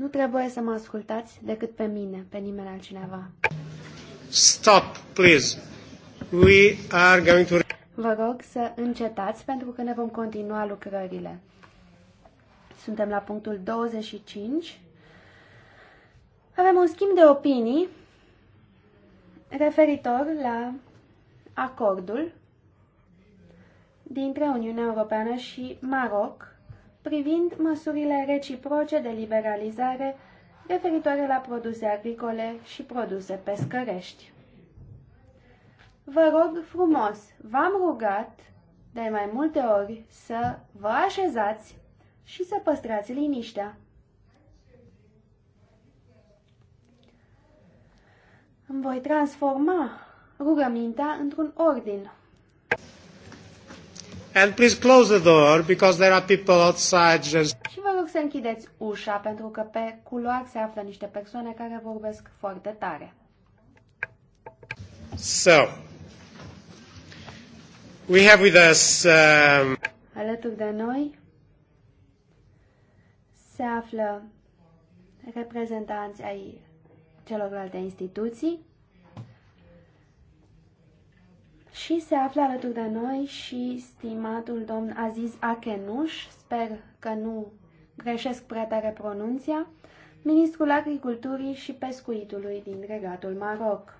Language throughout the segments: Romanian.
Nu trebuie să mă ascultați decât pe mine, pe nimeni altcineva. Stop, please. We are going to... Vă rog să încetați pentru că ne vom continua lucrările. Suntem la punctul 25. Avem un schimb de opinii referitor la acordul dintre Uniunea Europeană și Maroc privind măsurile reciproce de liberalizare referitoare la produse agricole și produse pescărești. Vă rog frumos, v-am rugat de mai multe ori să vă așezați și să păstrați liniștea. Îmi voi transforma rugămintea într-un ordin. And please close the door because there are people outside just... Și vă rog să închideți ușa pentru că pe culoar se află niște persoane care vorbesc foarte tare. So, we have with us... Um... Alături de noi se află reprezentanți ai celorlalte instituții, Și se află alături de noi și stimatul domn Aziz Akenuș, sper că nu greșesc prea tare pronunția, ministrul agriculturii și pescuitului din regatul Maroc.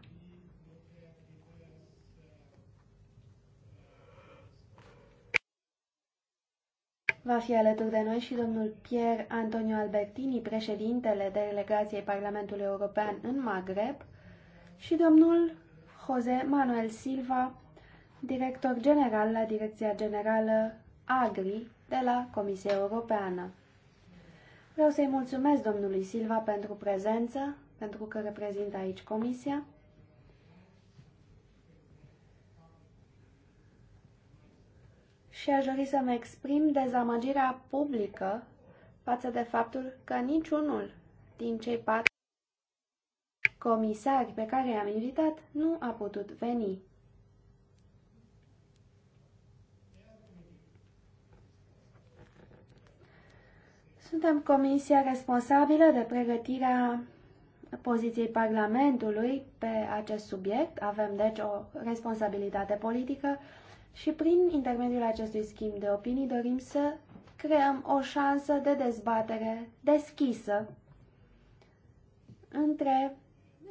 Va fi alături de noi și domnul Pierre Antonio Albertini, președintele delegației Parlamentului European în Maghreb, și domnul José Manuel Silva, director general la Direcția Generală Agri de la Comisia Europeană. Vreau să-i mulțumesc domnului Silva pentru prezență, pentru că reprezintă aici Comisia. Și aș dori să-mi exprim dezamăgirea publică față de faptul că niciunul din cei patru comisari pe care i-am invitat nu a putut veni. Suntem comisia responsabilă de pregătirea poziției Parlamentului pe acest subiect. Avem, deci, o responsabilitate politică și prin intermediul acestui schimb de opinii dorim să creăm o șansă de dezbatere deschisă între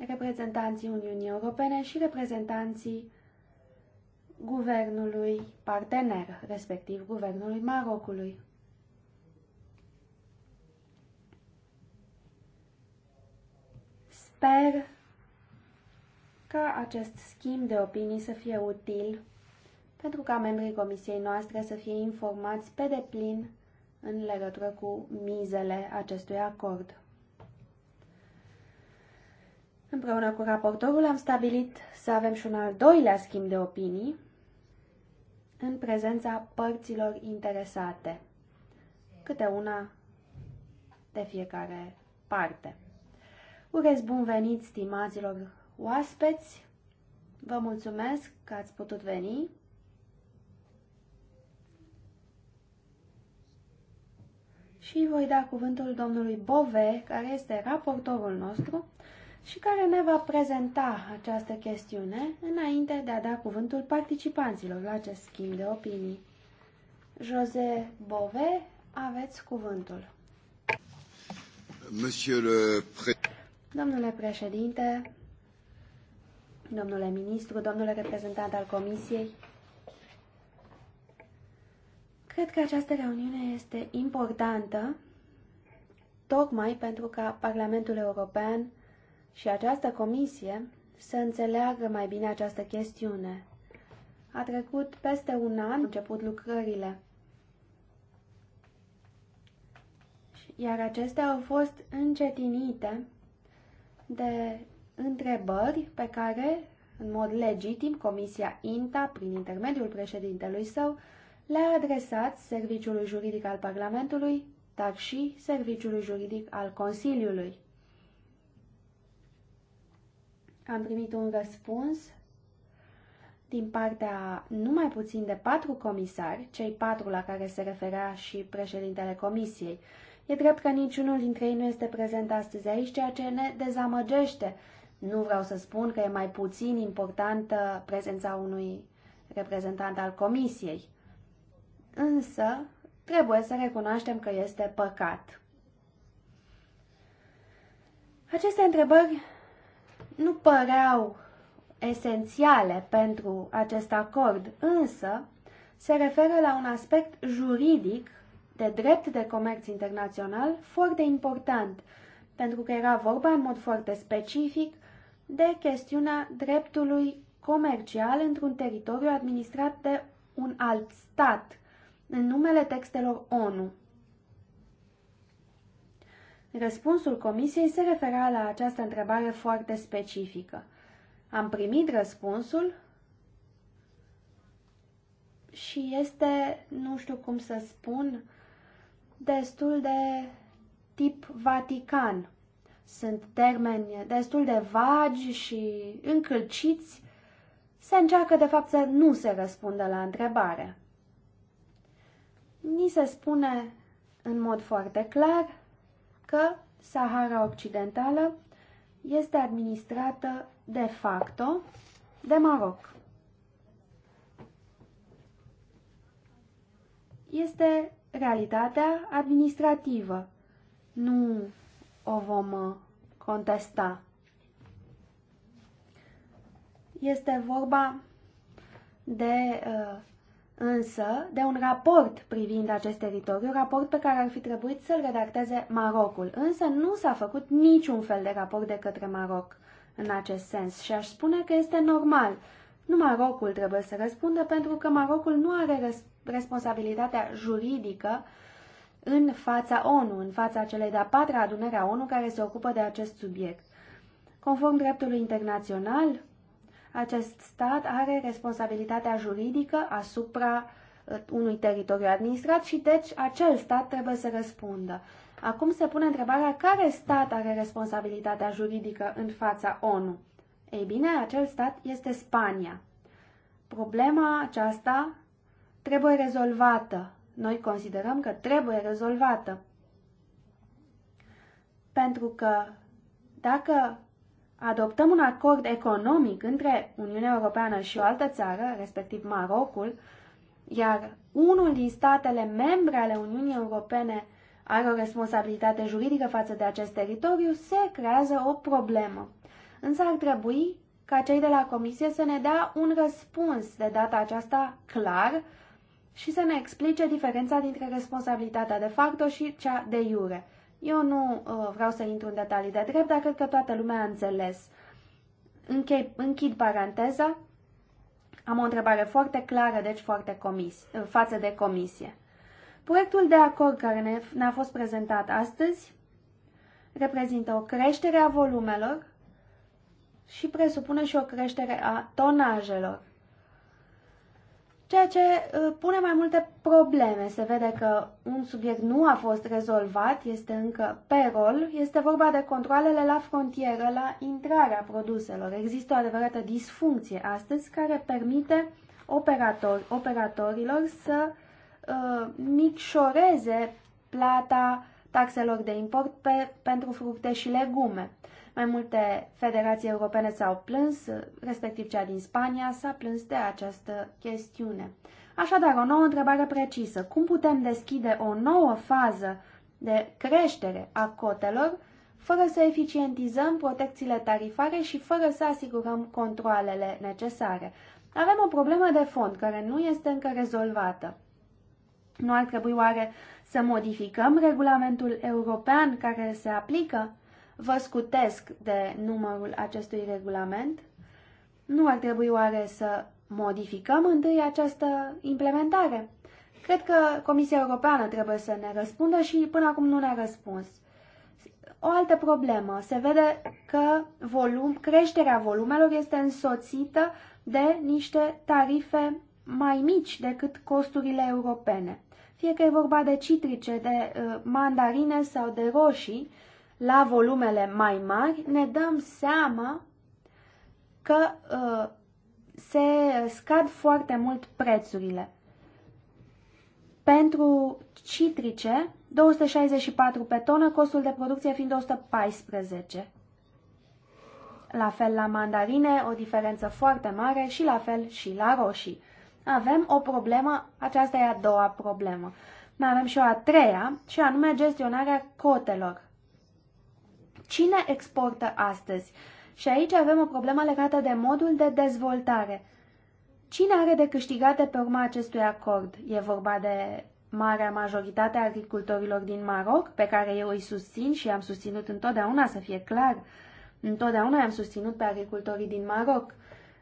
reprezentanții Uniunii Europene și reprezentanții guvernului partener, respectiv guvernului Marocului. Sper ca acest schimb de opinii să fie util pentru ca membrii comisiei noastre să fie informați pe deplin în legătură cu mizele acestui acord. Împreună cu raportorul am stabilit să avem și un al doilea schimb de opinii în prezența părților interesate, câte una de fiecare parte. Urez bun venit, stimaților oaspeți. Vă mulțumesc că ați putut veni. Și voi da cuvântul domnului Bove, care este raportorul nostru și care ne va prezenta această chestiune înainte de a da cuvântul participanților la acest schimb de opinii. José Bove, aveți cuvântul. Monsieur le Domnule președinte, domnule ministru, domnule reprezentant al Comisiei, cred că această reuniune este importantă tocmai pentru ca Parlamentul European și această comisie să înțeleagă mai bine această chestiune. A trecut peste un an, început lucrările, iar acestea au fost încetinite de întrebări pe care, în mod legitim, Comisia INTA, prin intermediul președintelui său, le-a adresat Serviciului Juridic al Parlamentului, dar și Serviciului Juridic al Consiliului. Am primit un răspuns din partea numai puțin de patru comisari, cei patru la care se referea și președintele Comisiei, E drept că niciunul dintre ei nu este prezent astăzi aici, ceea ce ne dezamăgește. Nu vreau să spun că e mai puțin importantă prezența unui reprezentant al comisiei. Însă, trebuie să recunoaștem că este păcat. Aceste întrebări nu păreau esențiale pentru acest acord, însă se referă la un aspect juridic de drept de comerț internațional foarte important, pentru că era vorba în mod foarte specific de chestiunea dreptului comercial într-un teritoriu administrat de un alt stat, în numele textelor ONU. Răspunsul Comisiei se refera la această întrebare foarte specifică. Am primit răspunsul și este, nu știu cum să spun, destul de tip Vatican. Sunt termeni destul de vagi și încălciți. Se încearcă, de fapt, să nu se răspundă la întrebare. Ni se spune în mod foarte clar că Sahara Occidentală este administrată de facto de Maroc. Este realitatea administrativă. Nu o vom uh, contesta. Este vorba de uh, însă de un raport privind acest teritoriu, raport pe care ar fi trebuit să-l redacteze Marocul. Însă nu s-a făcut niciun fel de raport de către Maroc în acest sens și aș spune că este normal. Nu Marocul trebuie să răspundă pentru că Marocul nu are răspuns responsabilitatea juridică în fața ONU, în fața celei de-a patra adunări a ONU care se ocupă de acest subiect. Conform dreptului internațional, acest stat are responsabilitatea juridică asupra uh, unui teritoriu administrat și deci acel stat trebuie să răspundă. Acum se pune întrebarea care stat are responsabilitatea juridică în fața ONU. Ei bine, acel stat este Spania. Problema aceasta trebuie rezolvată. Noi considerăm că trebuie rezolvată. Pentru că dacă adoptăm un acord economic între Uniunea Europeană și o altă țară, respectiv Marocul, iar unul din statele membre ale Uniunii Europene are o responsabilitate juridică față de acest teritoriu, se creează o problemă. Însă ar trebui ca cei de la Comisie să ne dea un răspuns de data aceasta clar și să ne explice diferența dintre responsabilitatea de facto și cea de iure. Eu nu uh, vreau să intru în detalii de drept, dar cred că toată lumea a înțeles. Închei, închid paranteza. Am o întrebare foarte clară, deci foarte comis, uh, față de comisie. Proiectul de acord care ne, ne-a fost prezentat astăzi reprezintă o creștere a volumelor și presupune și o creștere a tonajelor ceea ce uh, pune mai multe probleme. Se vede că un subiect nu a fost rezolvat, este încă pe rol. Este vorba de controlele la frontieră, la intrarea produselor. Există o adevărată disfuncție astăzi care permite operator, operatorilor să uh, micșoreze plata taxelor de import pe, pentru fructe și legume. Mai multe federații europene s-au plâns, respectiv cea din Spania s-a plâns de această chestiune. Așadar, o nouă întrebare precisă. Cum putem deschide o nouă fază de creștere a cotelor fără să eficientizăm protecțiile tarifare și fără să asigurăm controlele necesare? Avem o problemă de fond care nu este încă rezolvată. Nu ar trebui oare să modificăm regulamentul european care se aplică? vă scutesc de numărul acestui regulament? Nu ar trebui oare să modificăm întâi această implementare? Cred că Comisia Europeană trebuie să ne răspundă și până acum nu ne-a răspuns. O altă problemă. Se vede că volum, creșterea volumelor este însoțită de niște tarife mai mici decât costurile europene. Fie că e vorba de citrice, de uh, mandarine sau de roșii, la volumele mai mari, ne dăm seama că uh, se scad foarte mult prețurile. Pentru citrice, 264 pe tonă, costul de producție fiind 114. La fel la mandarine, o diferență foarte mare și la fel și la roșii. Avem o problemă, aceasta e a doua problemă. Mai avem și o a treia, și anume gestionarea cotelor. Cine exportă astăzi? Și aici avem o problemă legată de modul de dezvoltare. Cine are de câștigat pe urma acestui acord? E vorba de marea majoritate a agricultorilor din Maroc, pe care eu îi susțin și am susținut întotdeauna, să fie clar. Întotdeauna am susținut pe agricultorii din Maroc.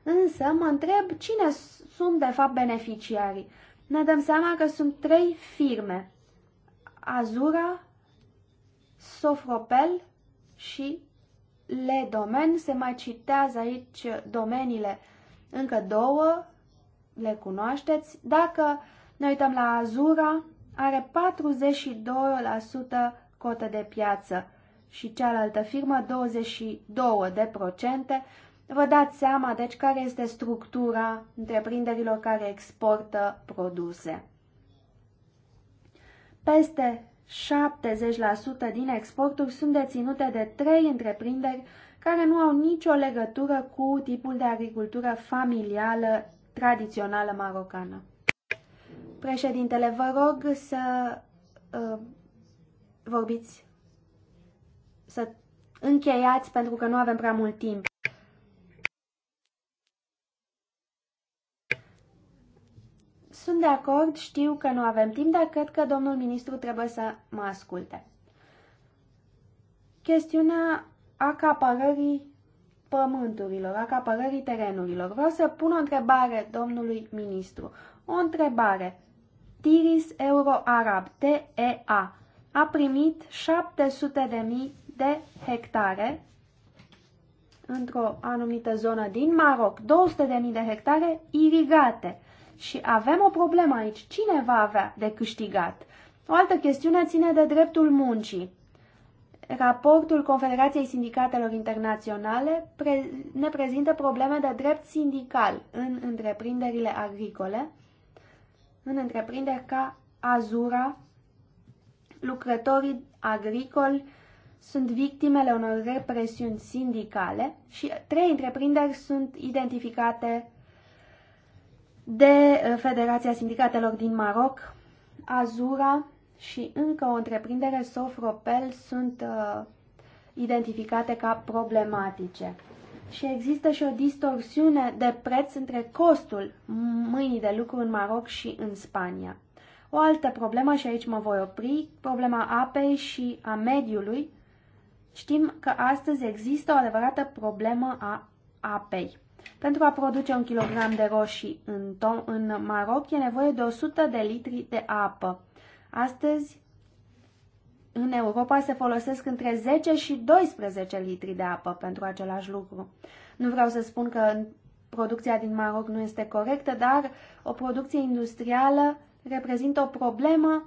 Însă mă întreb cine sunt de fapt beneficiarii. Ne dăm seama că sunt trei firme. Azura, Sofropel și le domen. Se mai citează aici domeniile încă două, le cunoașteți. Dacă ne uităm la Azura, are 42% cotă de piață și cealaltă firmă 22%. de procente Vă dați seama, deci, care este structura întreprinderilor care exportă produse. Peste 70% din exporturi sunt deținute de trei întreprinderi care nu au nicio legătură cu tipul de agricultură familială tradițională marocană. Președintele, vă rog să uh, vorbiți, să încheiați pentru că nu avem prea mult timp. Sunt de acord, știu că nu avem timp, dar cred că domnul ministru trebuie să mă asculte. Chestiunea acapărării pământurilor, acapărării terenurilor. Vreau să pun o întrebare domnului ministru. O întrebare. Tiris Euroarab, TEA, a primit 700.000 de hectare într-o anumită zonă din Maroc, 200.000 de hectare irigate. Și avem o problemă aici. Cine va avea de câștigat? O altă chestiune ține de dreptul muncii. Raportul Confederației Sindicatelor Internaționale pre ne prezintă probleme de drept sindical în întreprinderile agricole, în întreprinderi ca Azura, lucrătorii agricoli sunt victimele unor represiuni sindicale și trei întreprinderi sunt identificate de uh, Federația Sindicatelor din Maroc, Azura și încă o întreprindere, Sofropel, sunt uh, identificate ca problematice. Și există și o distorsiune de preț între costul mâinii de lucru în Maroc și în Spania. O altă problemă, și aici mă voi opri, problema apei și a mediului. Știm că astăzi există o adevărată problemă a apei. Pentru a produce un kilogram de roșii în, ton, în Maroc e nevoie de 100 de litri de apă. Astăzi, în Europa se folosesc între 10 și 12 litri de apă pentru același lucru. Nu vreau să spun că producția din Maroc nu este corectă, dar o producție industrială reprezintă o problemă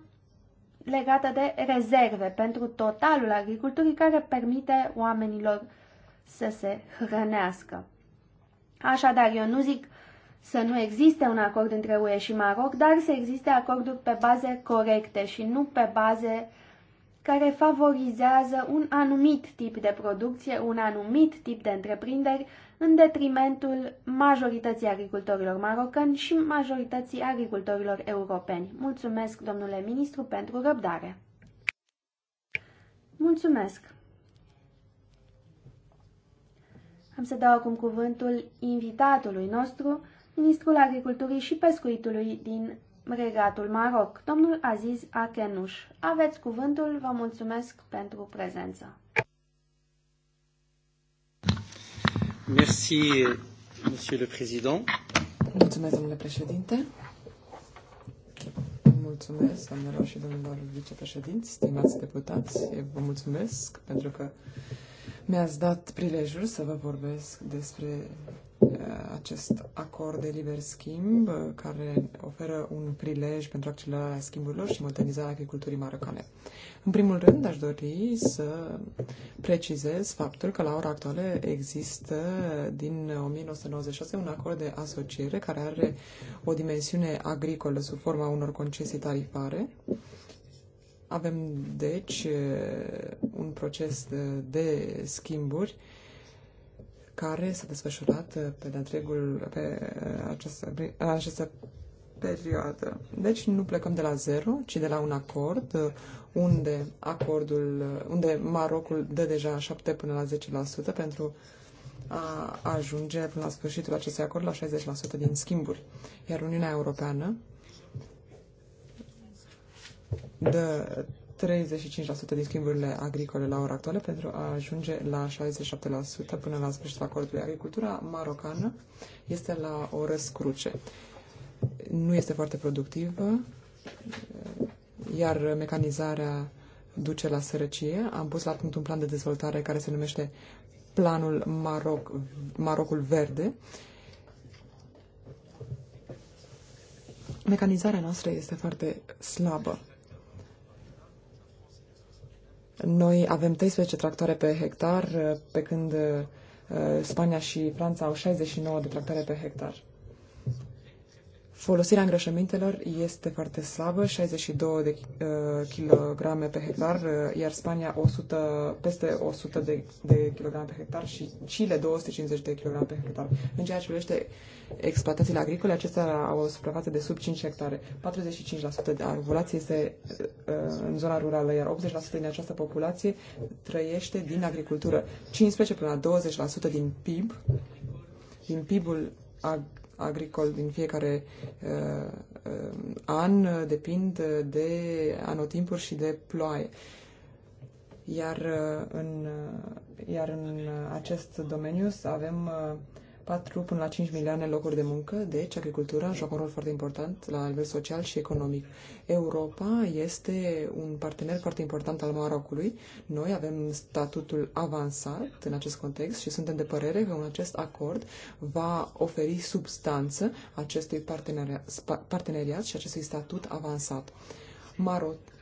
legată de rezerve pentru totalul agriculturii care permite oamenilor să se hrănească. Așadar, eu nu zic să nu existe un acord între UE și Maroc, dar să existe acorduri pe baze corecte și nu pe baze care favorizează un anumit tip de producție, un anumit tip de întreprinderi, în detrimentul majorității agricultorilor marocani și majorității agricultorilor europeni. Mulțumesc, domnule ministru, pentru răbdare. Mulțumesc! Am să dau acum cuvântul invitatului nostru, ministrul agriculturii și pescuitului din Regatul Maroc, domnul Aziz Akenuș. Aveți cuvântul, vă mulțumesc pentru prezență. Merci, monsieur le président. Mulțumesc, domnule președinte. Mulțumesc, doamnelor și domnilor vicepreședinți, stimați deputați. vă mulțumesc pentru că mi-ați dat prilejul să vă vorbesc despre uh, acest acord de liber schimb uh, care oferă un prilej pentru accelerarea schimburilor și modernizarea agriculturii marocane. În primul rând, aș dori să precizez faptul că la ora actuală există din 1996 un acord de asociere care are o dimensiune agricolă sub forma unor concesii tarifare avem, deci, un proces de schimburi care s-a desfășurat pe de întregul, pe această, această perioadă. Deci nu plecăm de la zero, ci de la un acord unde acordul, unde Marocul dă deja 7 până la 10% pentru a ajunge până la sfârșitul acestui acord la 60% din schimburi. Iar Uniunea Europeană de 35% din schimburile agricole la ora actuală pentru a ajunge la 67% până la sfârșitul acordului. Agricultura marocană este la o răscruce. Nu este foarte productivă, iar mecanizarea duce la sărăcie. Am pus la punct un plan de dezvoltare care se numește Planul Maroc, Marocul Verde. Mecanizarea noastră este foarte slabă noi avem 13 tractoare pe hectar, pe când uh, Spania și Franța au 69 de tractoare pe hectar. Folosirea îngrășămintelor este foarte slabă, 62 de uh, kilograme pe hectar, uh, iar Spania 100, peste 100 de, de kilograme pe hectar și Chile 250 de kilograme pe hectar. În ceea ce privește exploatațiile agricole, acestea au o suprafață de sub 5 hectare. 45% de populație este uh, în zona rurală, iar 80% din această populație trăiește din agricultură. 15 până la 20% din PIB, din PIB-ul ag- agricol din fiecare uh, uh, an depind de anotimpuri și de ploaie. Iar, uh, în, uh, iar în acest domeniu avem uh, 4 până la 5 milioane locuri de muncă, deci agricultura joacă un rol foarte important la nivel social și economic. Europa este un partener foarte important al Marocului. Noi avem statutul avansat în acest context și suntem de părere că un acest acord va oferi substanță acestui parteneria, parteneriat și acestui statut avansat.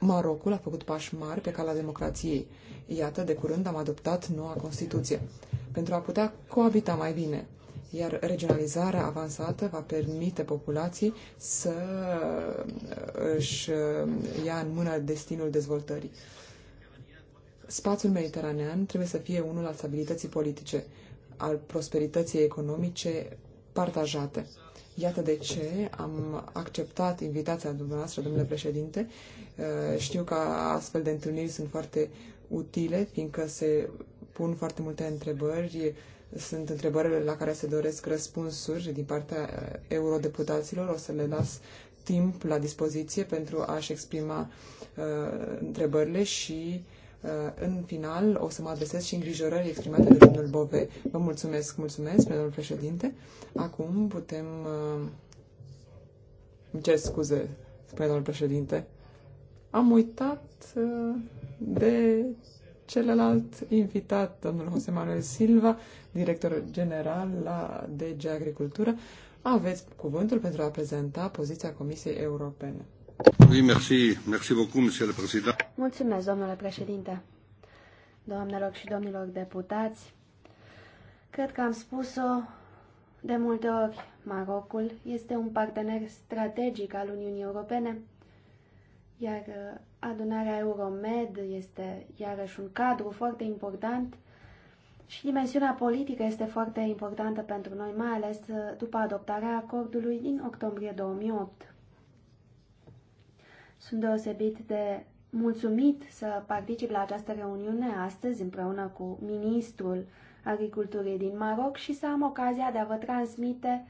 Marocul a făcut pași mari pe calea democrației. Iată, de curând am adoptat noua Constituție. Pentru a putea coabita mai bine, iar regionalizarea avansată va permite populației să uh, își uh, ia în mână destinul dezvoltării. Spațiul mediteranean trebuie să fie unul al stabilității politice, al prosperității economice partajate. Iată de ce am acceptat invitația dumneavoastră, domnule președinte. Uh, știu că astfel de întâlniri sunt foarte utile, fiindcă se pun foarte multe întrebări sunt întrebările la care se doresc răspunsuri din partea eh, eurodeputaților. O să le las timp la dispoziție pentru a-și exprima uh, întrebările și uh, în final o să mă adresez și îngrijorării exprimate de domnul Bove. Vă mulțumesc, mulțumesc, domnul președinte. Acum putem... Uh, îmi cer scuze, spune domnul președinte. Am uitat uh, de celălalt invitat, domnul José Manuel Silva, director general la DG Agricultură. Aveți cuvântul pentru a prezenta poziția Comisiei Europene. Oui, merci. Merci beaucoup, monsieur le président. Mulțumesc, domnule președinte. Doamnelor și domnilor deputați, cred că am spus-o de multe ori. Marocul este un partener strategic al Uniunii Europene iar uh, adunarea Euromed este iarăși un cadru foarte important și dimensiunea politică este foarte importantă pentru noi, mai ales uh, după adoptarea acordului din octombrie 2008. Sunt deosebit de mulțumit să particip la această reuniune astăzi împreună cu ministrul agriculturii din Maroc și să am ocazia de a vă transmite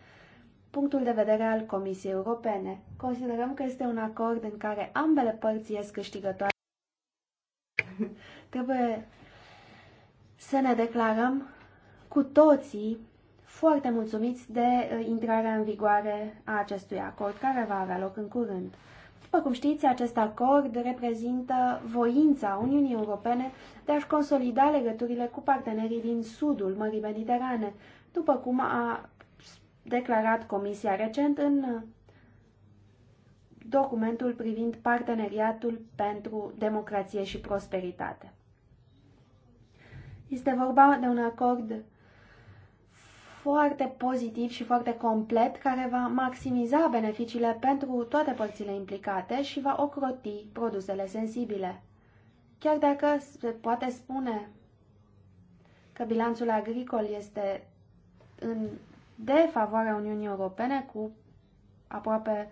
punctul de vedere al Comisiei Europene. Considerăm că este un acord în care ambele părți ies câștigătoare. Trebuie să ne declarăm cu toții foarte mulțumiți de uh, intrarea în vigoare a acestui acord, care va avea loc în curând. După cum știți, acest acord reprezintă voința Uniunii Europene de a-și consolida legăturile cu partenerii din sudul Mării Mediterane, după cum a declarat Comisia recent în uh, documentul privind parteneriatul pentru democrație și prosperitate. Este vorba de un acord foarte pozitiv și foarte complet care va maximiza beneficiile pentru toate părțile implicate și va ocroti produsele sensibile. Chiar dacă se poate spune că bilanțul agricol este în de favoarea Uniunii Europene cu aproape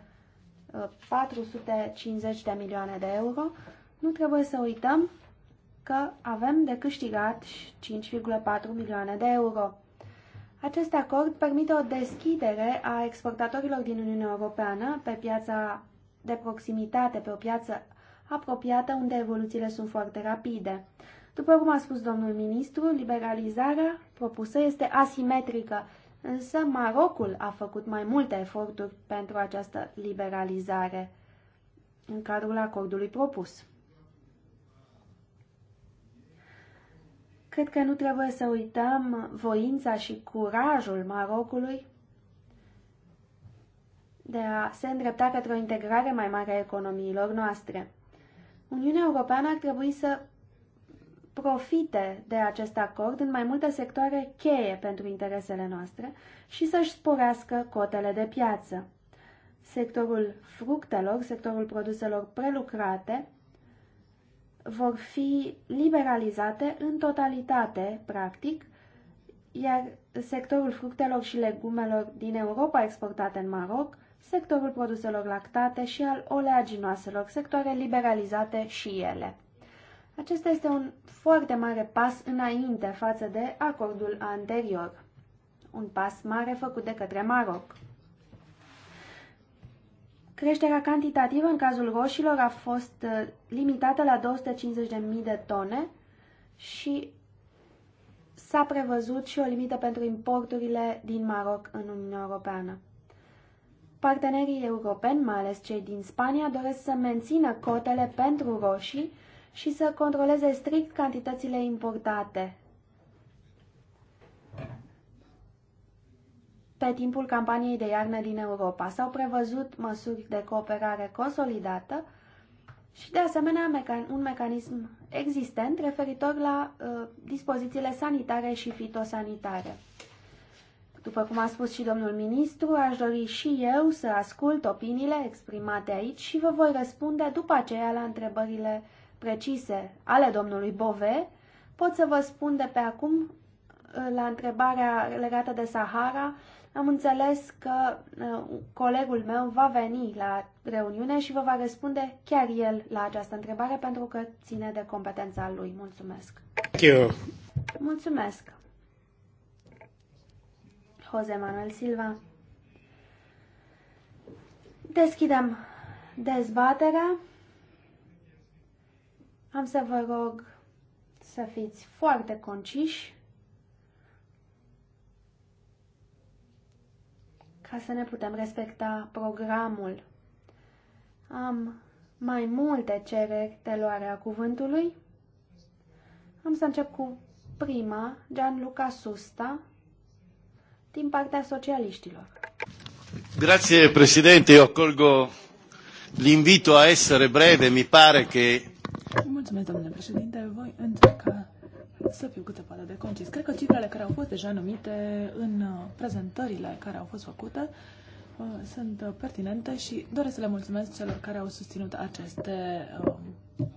450 uh, de milioane de euro, nu trebuie să uităm că avem de câștigat 5,4 milioane de euro. Acest acord permite o deschidere a exportatorilor din Uniunea Europeană pe piața de proximitate, pe o piață apropiată unde evoluțiile sunt foarte rapide. După cum a spus domnul ministru, liberalizarea propusă este asimetrică Însă Marocul a făcut mai multe eforturi pentru această liberalizare în cadrul acordului propus. Cred că nu trebuie să uităm voința și curajul Marocului de a se îndrepta către o integrare mai mare a economiilor noastre. Uniunea Europeană ar trebui să profite de acest acord în mai multe sectoare cheie pentru interesele noastre și să-și sporească cotele de piață. Sectorul fructelor, sectorul produselor prelucrate, vor fi liberalizate în totalitate, practic, iar sectorul fructelor și legumelor din Europa exportate în Maroc, sectorul produselor lactate și al oleaginoaselor, sectoare liberalizate și ele. Acesta este un foarte mare pas înainte față de acordul anterior, un pas mare făcut de către Maroc. Creșterea cantitativă în cazul roșilor a fost uh, limitată la 250.000 de tone și s-a prevăzut și o limită pentru importurile din Maroc în Uniunea Europeană. Partenerii europeni, mai ales cei din Spania, doresc să mențină cotele pentru roșii și să controleze strict cantitățile importate. Pe timpul campaniei de iarnă din Europa s-au prevăzut măsuri de cooperare consolidată și, de asemenea, un mecanism existent referitor la uh, dispozițiile sanitare și fitosanitare. După cum a spus și domnul ministru, aș dori și eu să ascult opiniile exprimate aici și vă voi răspunde după aceea la întrebările precise ale domnului Bove, pot să vă spun de pe acum, ă, la întrebarea legată de Sahara, am înțeles că ă, colegul meu va veni la reuniune și vă va răspunde chiar el la această întrebare pentru că ține de competența lui. Mulțumesc! Thank you. Mulțumesc! Jose Manuel Silva Deschidem dezbaterea. Am să vă rog să fiți foarte conciși ca să ne putem respecta programul. Am mai multe cereri de luarea cuvântului. Am să încep cu prima, Gianluca Susta, din partea socialiștilor. Grazie Presidente, Eu accolgo l'invito a essere breve, mi pare che Mulțumesc, domnule președinte. Voi încerca să fiu cât se poate de concis. Cred că cifrele care au fost deja numite în uh, prezentările care au fost făcute uh, sunt uh, pertinente și doresc să le mulțumesc celor care au susținut aceste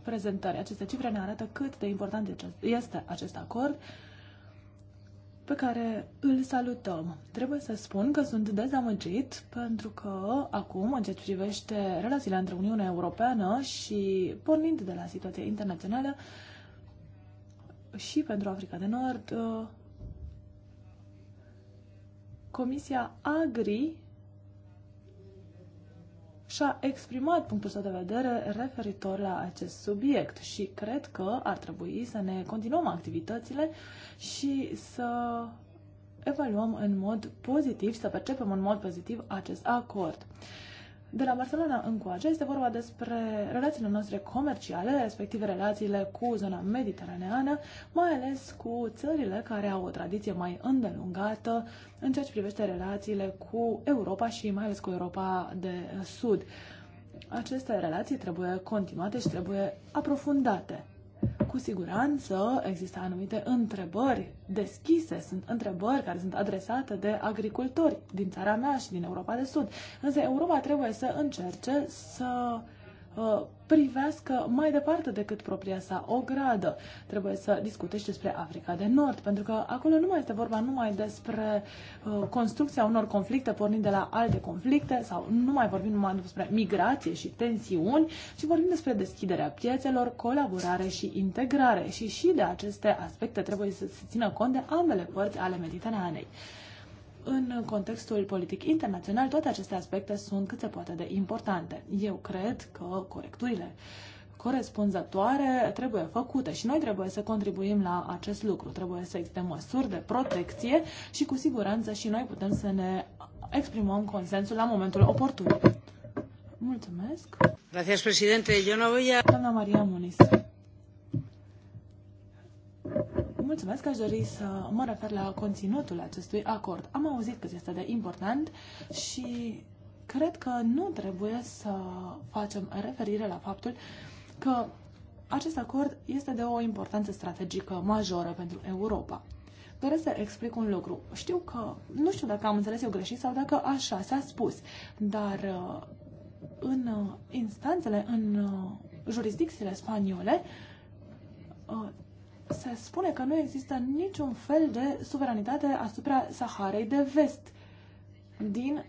prezentări. Aceste cifre ne arată cât de important este acest acord pe care îl salutăm. Trebuie să spun că sunt dezamăgit pentru că acum, în ce privește relațiile între Uniunea Europeană și pornind de la situația internațională și pentru Africa de Nord, uh, Comisia Agri și-a exprimat punctul său de vedere referitor la acest subiect și cred că ar trebui să ne continuăm activitățile și să evaluăm în mod pozitiv, să percepem în mod pozitiv acest acord. De la Barcelona încoace este vorba despre relațiile noastre comerciale, respectiv relațiile cu zona mediteraneană, mai ales cu țările care au o tradiție mai îndelungată în ceea ce privește relațiile cu Europa și mai ales cu Europa de Sud. Aceste relații trebuie continuate și trebuie aprofundate cu siguranță există anumite întrebări deschise, sunt întrebări care sunt adresate de agricultori din țara mea și din Europa de Sud. Însă Europa trebuie să încerce să uh, Uh, privească mai departe decât propria sa ogradă. Trebuie să discute și despre Africa de Nord, pentru că acolo nu mai este vorba numai despre uh, construcția unor conflicte pornind de la alte conflicte sau nu mai vorbim numai despre migrație și tensiuni, ci vorbim despre deschiderea piețelor, colaborare și integrare și și de aceste aspecte trebuie să se țină cont de ambele părți ale Mediteranei în contextul politic internațional, toate aceste aspecte sunt cât se poate de importante. Eu cred că corecturile corespunzătoare trebuie făcute și noi trebuie să contribuim la acest lucru. Trebuie să existe măsuri de protecție și cu siguranță și noi putem să ne exprimăm consensul la momentul oportun. Mulțumesc. Gracias, presidente. Yo no voy a... Doamna Maria Muniz mulțumesc, aș dori să mă refer la conținutul acestui acord. Am auzit că este de important și cred că nu trebuie să facem referire la faptul că acest acord este de o importanță strategică majoră pentru Europa. Doresc să explic un lucru. Știu că, nu știu dacă am înțeles eu greșit sau dacă așa s-a spus, dar uh, în uh, instanțele, în uh, jurisdicțiile spaniole, se spune că nu există niciun fel de suveranitate asupra Saharei de vest din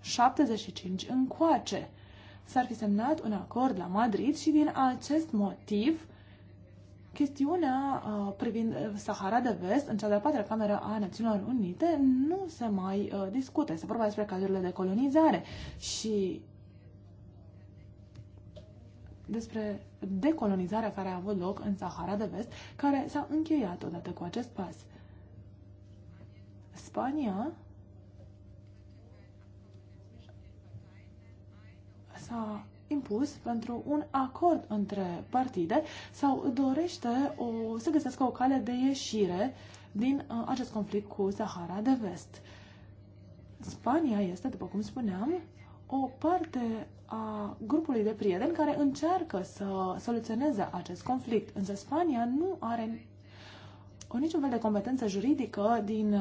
75 încoace. S-ar fi semnat un acord la Madrid și din acest motiv chestiunea uh, privind uh, Sahara de Vest în cea de-a patra cameră a Națiunilor Unite nu se mai uh, discute. Se vorba despre cazurile de colonizare și despre decolonizarea care a avut loc în Sahara de Vest, care s-a încheiat odată cu acest pas. Spania s-a impus pentru un acord între partide sau dorește o, să găsească o cale de ieșire din uh, acest conflict cu Sahara de Vest. Spania este, după cum spuneam, o parte a grupului de prieteni care încearcă să soluționeze acest conflict. Însă Spania nu are o niciun fel de competență juridică din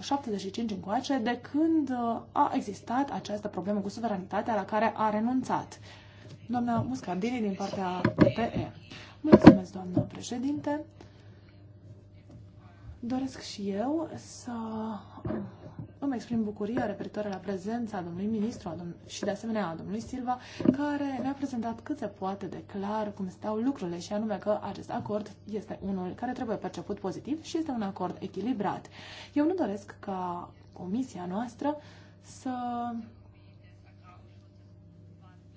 75 uh, încoace de când uh, a existat această problemă cu suveranitatea la care a renunțat. Doamna Muscardini din partea PPE. Mulțumesc, doamnă președinte. Doresc și eu să îmi exprim bucuria referitoare la prezența domnului ministru a domn- și de asemenea a domnului Silva, care ne-a prezentat cât se poate de clar cum stau lucrurile și anume că acest acord este unul care trebuie perceput pozitiv și este un acord echilibrat. Eu nu doresc ca comisia noastră să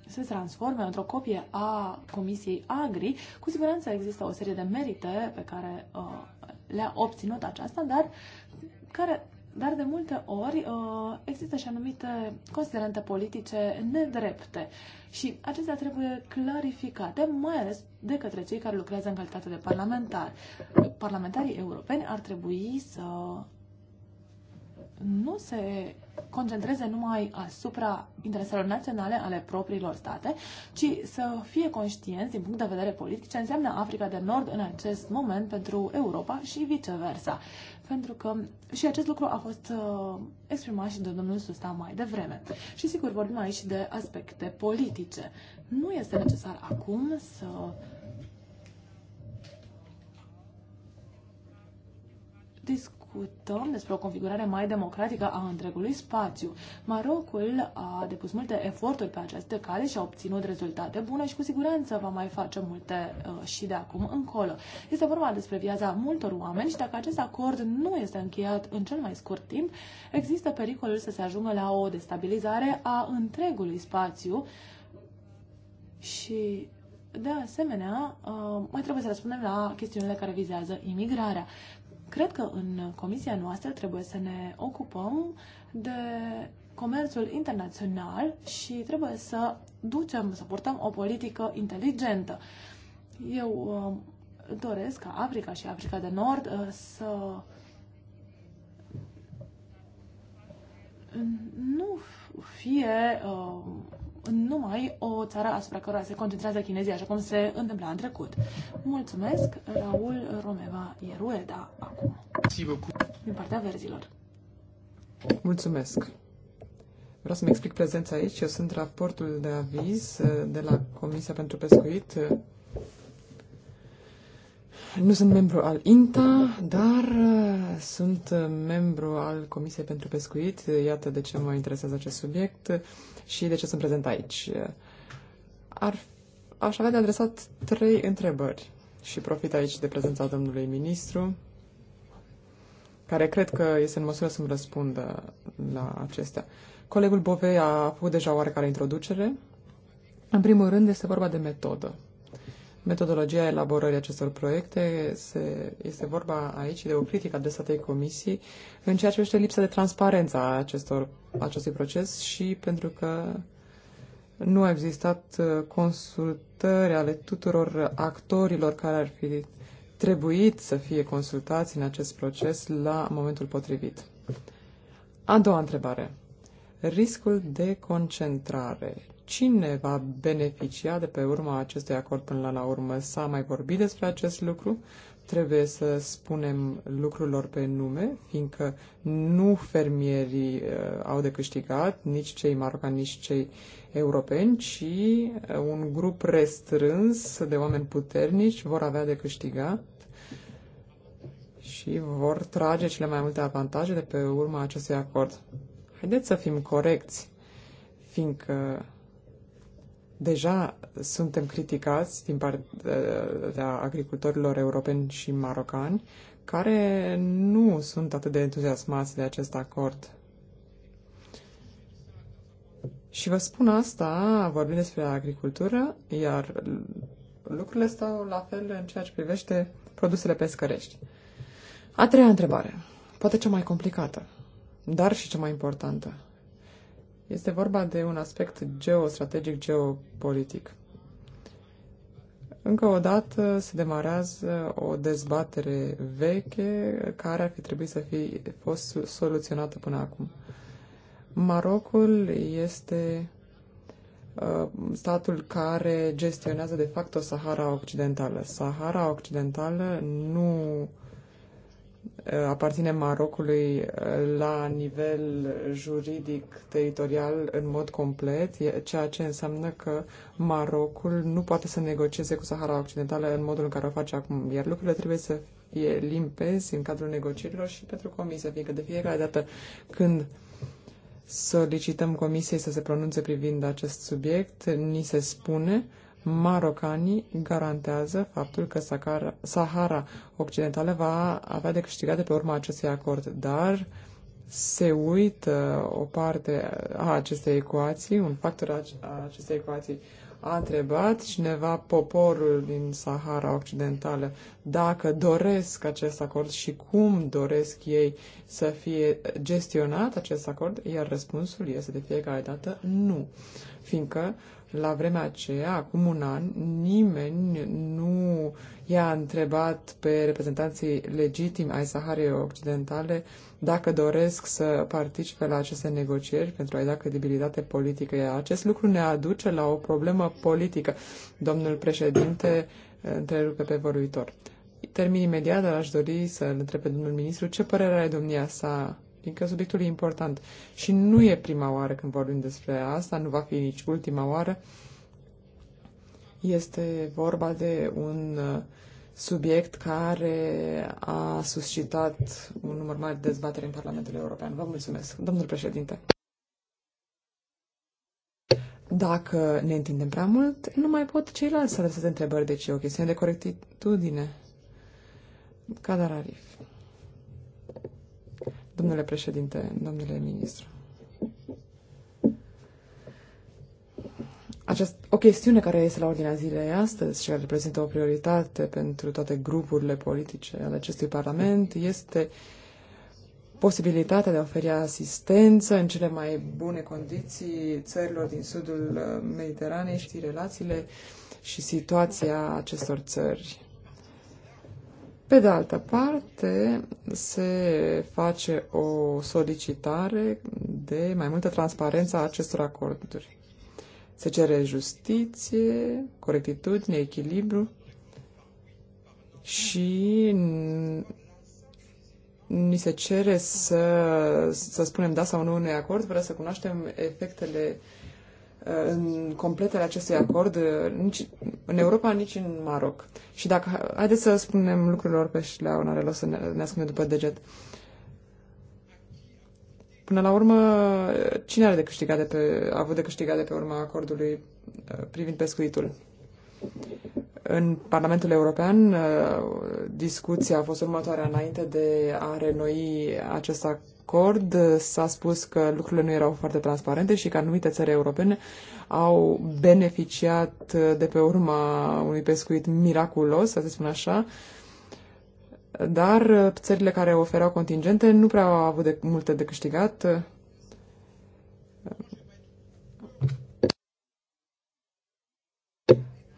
se transforme într-o copie a Comisiei Agri. Cu siguranță există o serie de merite pe care uh, le-a obținut aceasta, dar care dar de multe ori uh, există și anumite considerente politice nedrepte și acestea trebuie clarificate, mai ales de către cei care lucrează în calitate de parlamentar. Parlamentarii europeni ar trebui să nu se concentreze numai asupra intereselor naționale ale propriilor state, ci să fie conștienți din punct de vedere politic ce înseamnă Africa de Nord în acest moment pentru Europa și viceversa. Pentru că și acest lucru a fost uh, exprimat și de domnul Susta mai devreme. Și sigur vorbim aici de aspecte politice. Nu este necesar acum să discutăm discutăm despre o configurare mai democratică a întregului spațiu. Marocul a depus multe eforturi pe aceste cale și a obținut rezultate bune și cu siguranță va mai face multe uh, și de acum încolo. Este vorba despre viața multor oameni și dacă acest acord nu este încheiat în cel mai scurt timp, există pericolul să se ajungă la o destabilizare a întregului spațiu și de asemenea, uh, mai trebuie să răspundem la chestiunile care vizează imigrarea. Cred că în comisia noastră trebuie să ne ocupăm de comerțul internațional și trebuie să ducem, să purtăm o politică inteligentă. Eu uh, doresc ca Africa și Africa de Nord uh, să nu fie uh, numai o țară asupra cărora se concentrează chinezii, așa cum se întâmpla în trecut. Mulțumesc, Raul Romeva Ierueda, acum. Din partea verzilor. Mulțumesc. Vreau să-mi explic prezența aici. Eu sunt raportul de aviz uh, de la Comisia pentru Pescuit. Uh, nu sunt membru al INTA, dar uh, sunt membru al Comisiei pentru Pescuit. Iată de ce mă interesează acest subiect și de ce sunt prezent aici. Ar, aș avea de adresat trei întrebări și profit aici de prezența domnului ministru, care cred că este în măsură să-mi răspundă la acestea. Colegul Bovei a făcut deja oarecare introducere. În primul rând este vorba de metodă metodologia elaborării acestor proiecte. Se, este vorba aici de o critică adresată comisii în ceea ce privește lipsa de transparență a acestor, acestui proces și pentru că nu a existat uh, consultări ale tuturor actorilor care ar fi trebuit să fie consultați în acest proces la momentul potrivit. A doua întrebare. Riscul de concentrare cine va beneficia de pe urma acestui acord până la urmă. S-a mai vorbit despre acest lucru, trebuie să spunem lucrurilor pe nume, fiindcă nu fermierii uh, au de câștigat, nici cei marocani, nici cei europeni, ci uh, un grup restrâns de oameni puternici vor avea de câștigat și vor trage cele mai multe avantaje de pe urma acestui acord. Haideți să fim corecți, fiindcă Deja suntem criticați din partea agricultorilor europeni și marocani, care nu sunt atât de entuziasmați de acest acord. Și vă spun asta, vorbim despre agricultură, iar lucrurile stau la fel în ceea ce privește produsele pescărești. A treia întrebare, poate cea mai complicată, dar și cea mai importantă. Este vorba de un aspect geostrategic, geopolitic. Încă o dată se demarează o dezbatere veche care ar fi trebuit să fi fost soluționată până acum. Marocul este uh, statul care gestionează de facto Sahara Occidentală. Sahara Occidentală nu aparține Marocului uh, la nivel juridic teritorial în mod complet, ceea ce înseamnă că Marocul nu poate să negocieze cu Sahara Occidentală în modul în care o face acum, iar lucrurile trebuie să fie limpezi în cadrul negocierilor și pentru comisie, fiindcă de fiecare dată când solicităm comisiei să se pronunțe privind acest subiect, ni se spune uh, marocanii garantează faptul că Sahara Occidentală va avea de câștigat de pe urma acestui acord, dar se uită o parte a acestei ecuații, un factor a acestei ecuații a întrebat cineva poporul din Sahara Occidentală dacă doresc acest acord și cum doresc ei să fie gestionat acest acord, iar răspunsul este de fiecare dată nu, fiindcă la vremea aceea, acum un an, nimeni nu i-a întrebat pe reprezentanții legitimi ai Saharei Occidentale dacă doresc să participe la aceste negocieri pentru a-i da credibilitate politică. Iar acest lucru ne aduce la o problemă politică. Domnul președinte eh, întrerupe pe vorbitor. Termin imediat, dar aș dori să-l întreb pe domnul ministru ce părere are domnia sa fiindcă subiectul e important. Și nu e prima oară când vorbim despre asta, nu va fi nici ultima oară. Este vorba de un uh, subiect care a suscitat un număr mare de dezbatere în Parlamentul European. Vă mulțumesc, domnul președinte. Dacă ne întindem prea mult, nu mai pot ceilalți să lăsați întrebări, deci e o chestiune de corectitudine. Cadar Arif. Domnule președinte, domnule ministru. Aceast, o chestiune care este la ordinea zilei astăzi și care reprezintă o prioritate pentru toate grupurile politice ale acestui Parlament este posibilitatea de a oferi asistență în cele mai bune condiții țărilor din sudul uh, Mediteranei și relațiile și situația acestor țări pe de altă parte, se face o solicitare de mai multă transparență a acestor acorduri. Se cere justiție, corectitudine, echilibru și ni se cere să, să spunem da sau nu unui acord fără să cunoaștem efectele uh, în completele acestui acord uh, nici în Europa, nici în Maroc. Și dacă, haideți să spunem lucrurilor pe șleau, n-are rost să ne, ne ascundem după deget. Până la urmă, cine are de câștigat de pe, a avut de câștigat de pe urma acordului uh, privind pescuitul? În Parlamentul European uh, discuția a fost următoarea înainte de a renoi acest acord. Uh, s-a spus că lucrurile nu erau foarte transparente și că anumite țări europene au beneficiat uh, de pe urma unui pescuit miraculos, să se spun așa, dar țările care oferau contingente nu prea au avut de, multe de câștigat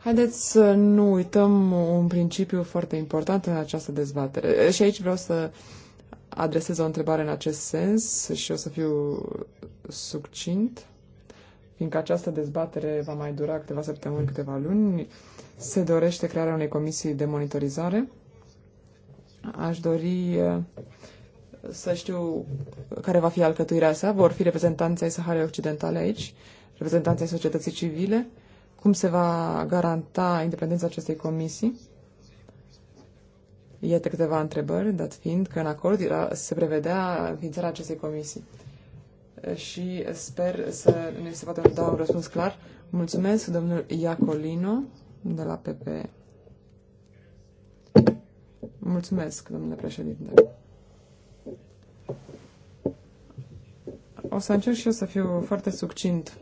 Haideți să nu uităm un principiu foarte important în această dezbatere. Și aici vreau să adresez o întrebare în acest sens și o să fiu succint, fiindcă această dezbatere va mai dura câteva săptămâni, câteva luni. Se dorește crearea unei comisii de monitorizare. Aș dori să știu care va fi alcătuirea sa. Vor fi reprezentanții ai Saharei Occidentale aici, reprezentanții societății civile, cum se va garanta independența acestei comisii? Iată câteva întrebări, dat fiind că în acord era, uh, se prevedea înființarea acestei comisii. Și sper să ne se poată da un răspuns clar. Mulțumesc, domnul Iacolino, de la PP. Mulțumesc, domnule președinte. O să încerc și eu să fiu foarte succint.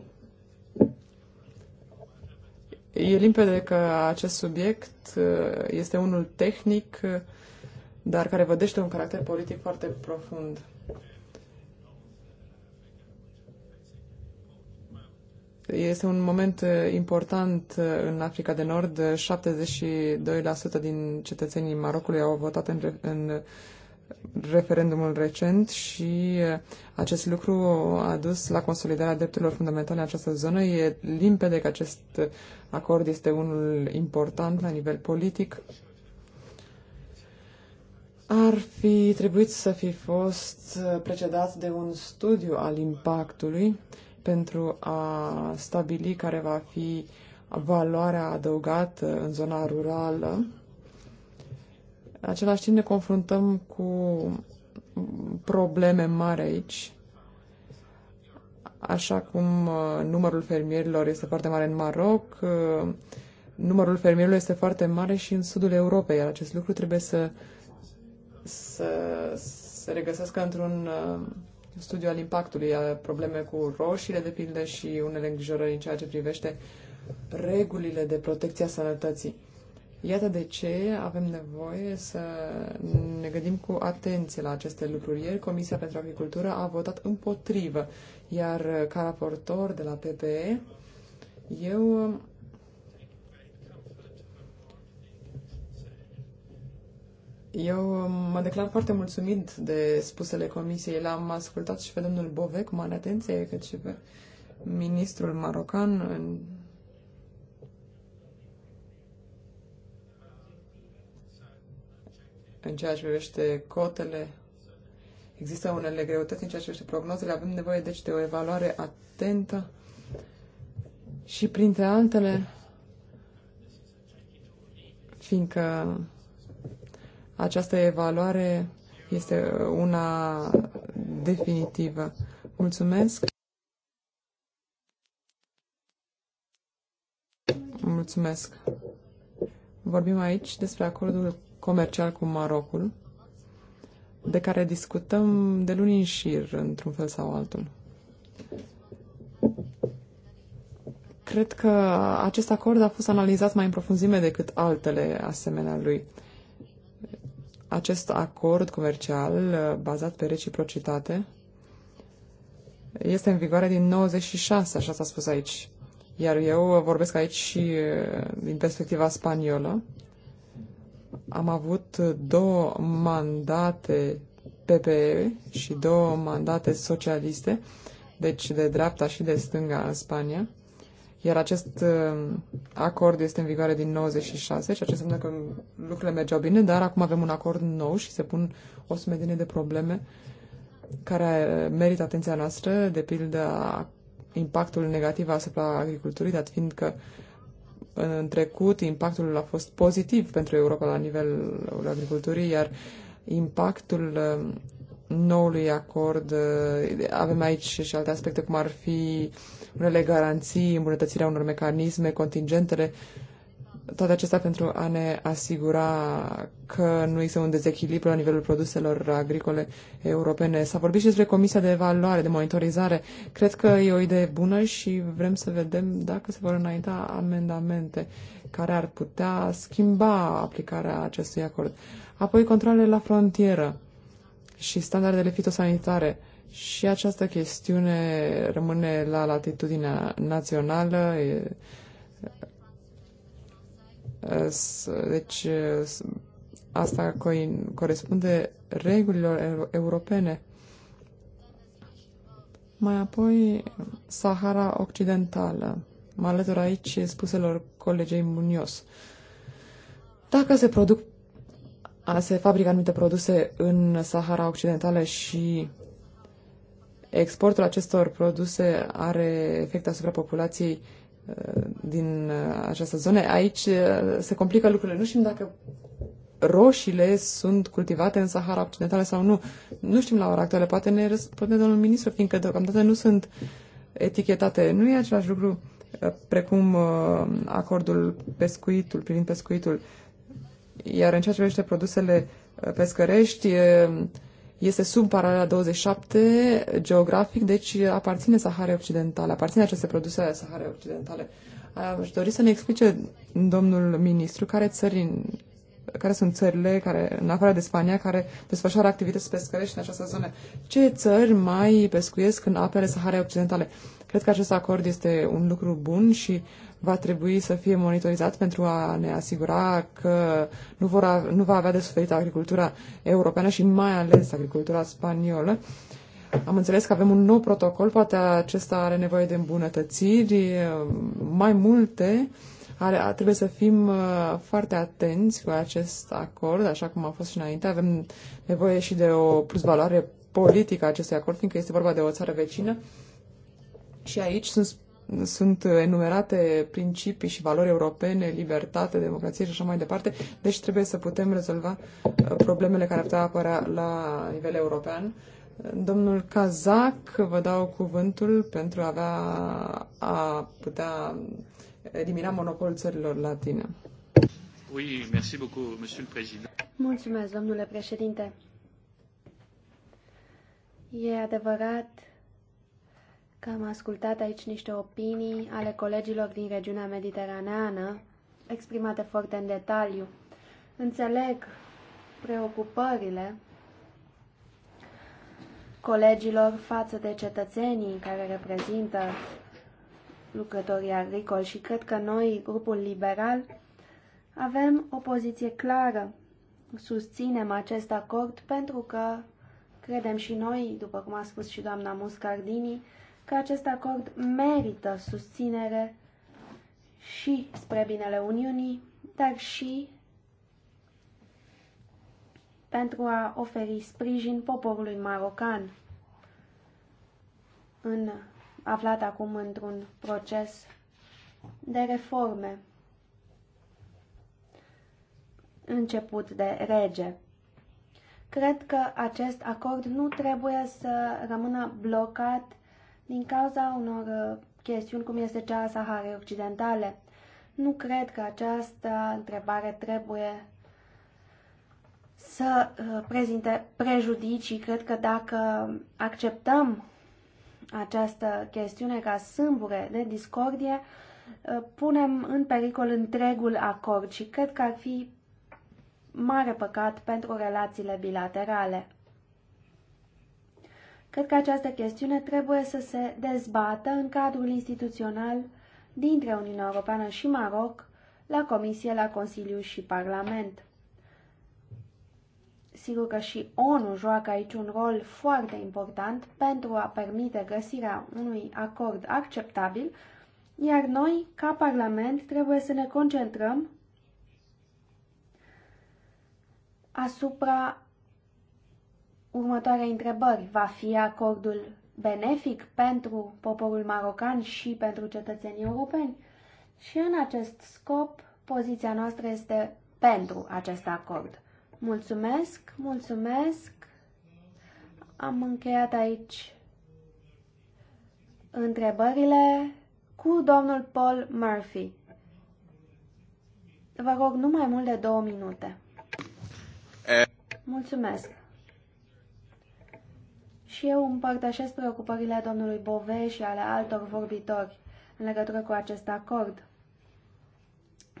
E limpede că acest subiect uh, este unul tehnic, uh, dar care vădește un caracter politic foarte profund. Este un moment uh, important în Africa de Nord. 72% din cetățenii Marocului au votat în, în referendumul recent și uh, acest lucru a dus la consolidarea drepturilor fundamentale în această zonă. E limpede că acest acord este unul important la nivel politic. Ar fi trebuit să fi fost uh, precedat de un studiu al impactului pentru a stabili care va fi valoarea adăugată în zona rurală în același timp ne confruntăm cu probleme mari aici, așa cum uh, numărul fermierilor este foarte mare în Maroc, uh, numărul fermierilor este foarte mare și în sudul Europei, iar acest lucru trebuie să să se regăsească într-un uh, studiu al impactului, a probleme cu roșiile de pildă și unele îngrijorări în ceea ce privește regulile de protecție a sănătății. Iată de ce avem nevoie să ne gândim cu atenție la aceste lucruri. Ieri Comisia pentru Agricultură a votat împotrivă, iar ca raportor de la PPE, eu Eu mă declar foarte mulțumit de spusele comisiei. L-am ascultat și pe domnul Bove cu mare atenție, cât și pe ministrul marocan în ceea ce privește cotele. Există unele greutăți în ceea ce privește prognozele. Avem nevoie, deci, de o evaluare atentă și, printre altele, fiindcă această evaluare este una definitivă. Mulțumesc! Mulțumesc! Vorbim aici despre acordul comercial cu Marocul, de care discutăm de luni în șir, într-un fel sau altul. Cred că acest acord a fost analizat mai în profunzime decât altele asemenea lui. Acest acord comercial uh, bazat pe reciprocitate este în vigoare din 96, așa s-a spus aici. Iar eu vorbesc aici și uh, din perspectiva spaniolă, am avut două mandate PPE și două mandate socialiste, deci de dreapta și de stânga în Spania. Iar acest uh, acord este în vigoare din 96, ceea ce înseamnă că lucrurile mergeau bine, dar acum avem un acord nou și se pun o sumedenie de probleme care merită atenția noastră, de pildă impactul negativ asupra agriculturii, dat fiind că uh, în trecut impactul a fost pozitiv pentru Europa la nivelul agriculturii, iar impactul um, noului acord, uh, avem aici și alte aspecte, cum ar fi unele garanții, îmbunătățirea unor mecanisme, contingentele toate acestea pentru a ne asigura că nu există un dezechilibru la nivelul produselor agricole europene. S-a vorbit și despre Comisia de Evaluare, de Monitorizare. Cred că e o idee bună și vrem să vedem dacă se vor înainta amendamente care ar putea schimba aplicarea acestui acord. Apoi controlele la frontieră și standardele fitosanitare. Și această chestiune rămâne la latitudinea națională. E deci asta corespunde regulilor europene. Mai apoi, Sahara Occidentală. Mă alătur aici spuselor colegei Munios. Dacă se produc se fabrică anumite produse în Sahara Occidentală și exportul acestor produse are efect asupra populației Uh, din uh, această zonă. Aici uh, se complică lucrurile. Nu știm dacă roșiile sunt cultivate în Sahara Occidentală sau nu. Nu știm la ora actuală. Poate ne răspunde domnul ministru, fiindcă deocamdată nu sunt etichetate. Nu e același lucru precum acordul pescuitul, privind pescuitul. Iar în ceea ce privește produsele pescărești, este sub paralela 27 geografic, deci aparține Saharei Occidentale, aparține aceste produse ale Saharei Occidentale. Aș dori să ne explice domnul ministru care țări care sunt țările care, în afară de Spania, care desfășoară activități pescărești în această zonă. Ce țări mai pescuiesc în apele Saharei Occidentale? Cred că acest acord este un lucru bun și va trebui să fie monitorizat pentru a ne asigura că nu, vor, nu va avea de suferit agricultura europeană și mai ales agricultura spaniolă. Am înțeles că avem un nou protocol, poate acesta are nevoie de îmbunătățiri mai multe. Are, trebuie să fim uh, foarte atenți cu acest acord, așa cum a fost și înainte. Avem nevoie și de o plusvaloare politică a acestui acord, fiindcă este vorba de o țară vecină. Și aici sunt sunt enumerate principii și valori europene, libertate, democrație și așa mai departe, deci trebuie să putem rezolva uh, problemele care ar putea apărea la nivel european. Domnul Kazak, vă dau cuvântul pentru a, avea, a putea elimina monopolul țărilor latine. Oui, merci beaucoup, monsieur le président. Mulțumesc, domnule președinte. E adevărat că am ascultat aici niște opinii ale colegilor din regiunea mediteraneană, exprimate foarte în detaliu. Înțeleg preocupările colegilor față de cetățenii care reprezintă lucrătorii agricoli și cred că noi, grupul liberal, avem o poziție clară. Susținem acest acord pentru că credem și noi, după cum a spus și doamna Muscardini, că acest acord merită susținere și spre binele Uniunii, dar și pentru a oferi sprijin poporului marocan, în, aflat acum într-un proces de reforme început de rege. Cred că acest acord nu trebuie să rămână blocat din cauza unor uh, chestiuni cum este cea a Saharei Occidentale. Nu cred că această întrebare trebuie să uh, prezinte prejudicii. Cred că dacă acceptăm această chestiune ca sâmbure de discordie, uh, punem în pericol întregul acord și cred că ar fi mare păcat pentru relațiile bilaterale. Cred că această chestiune trebuie să se dezbată în cadrul instituțional dintre Uniunea Europeană și Maroc, la Comisie, la Consiliu și Parlament. Sigur că și ONU joacă aici un rol foarte important pentru a permite găsirea unui acord acceptabil, iar noi, ca Parlament, trebuie să ne concentrăm asupra Următoarea întrebări. Va fi acordul benefic pentru poporul marocan și pentru cetățenii europeni? Și în acest scop, poziția noastră este pentru acest acord. Mulțumesc, mulțumesc. Am încheiat aici întrebările cu domnul Paul Murphy. Vă rog nu mai mult de două minute. Eh. Mulțumesc. Și eu împărtășesc preocupările domnului Bove și ale altor vorbitori în legătură cu acest acord.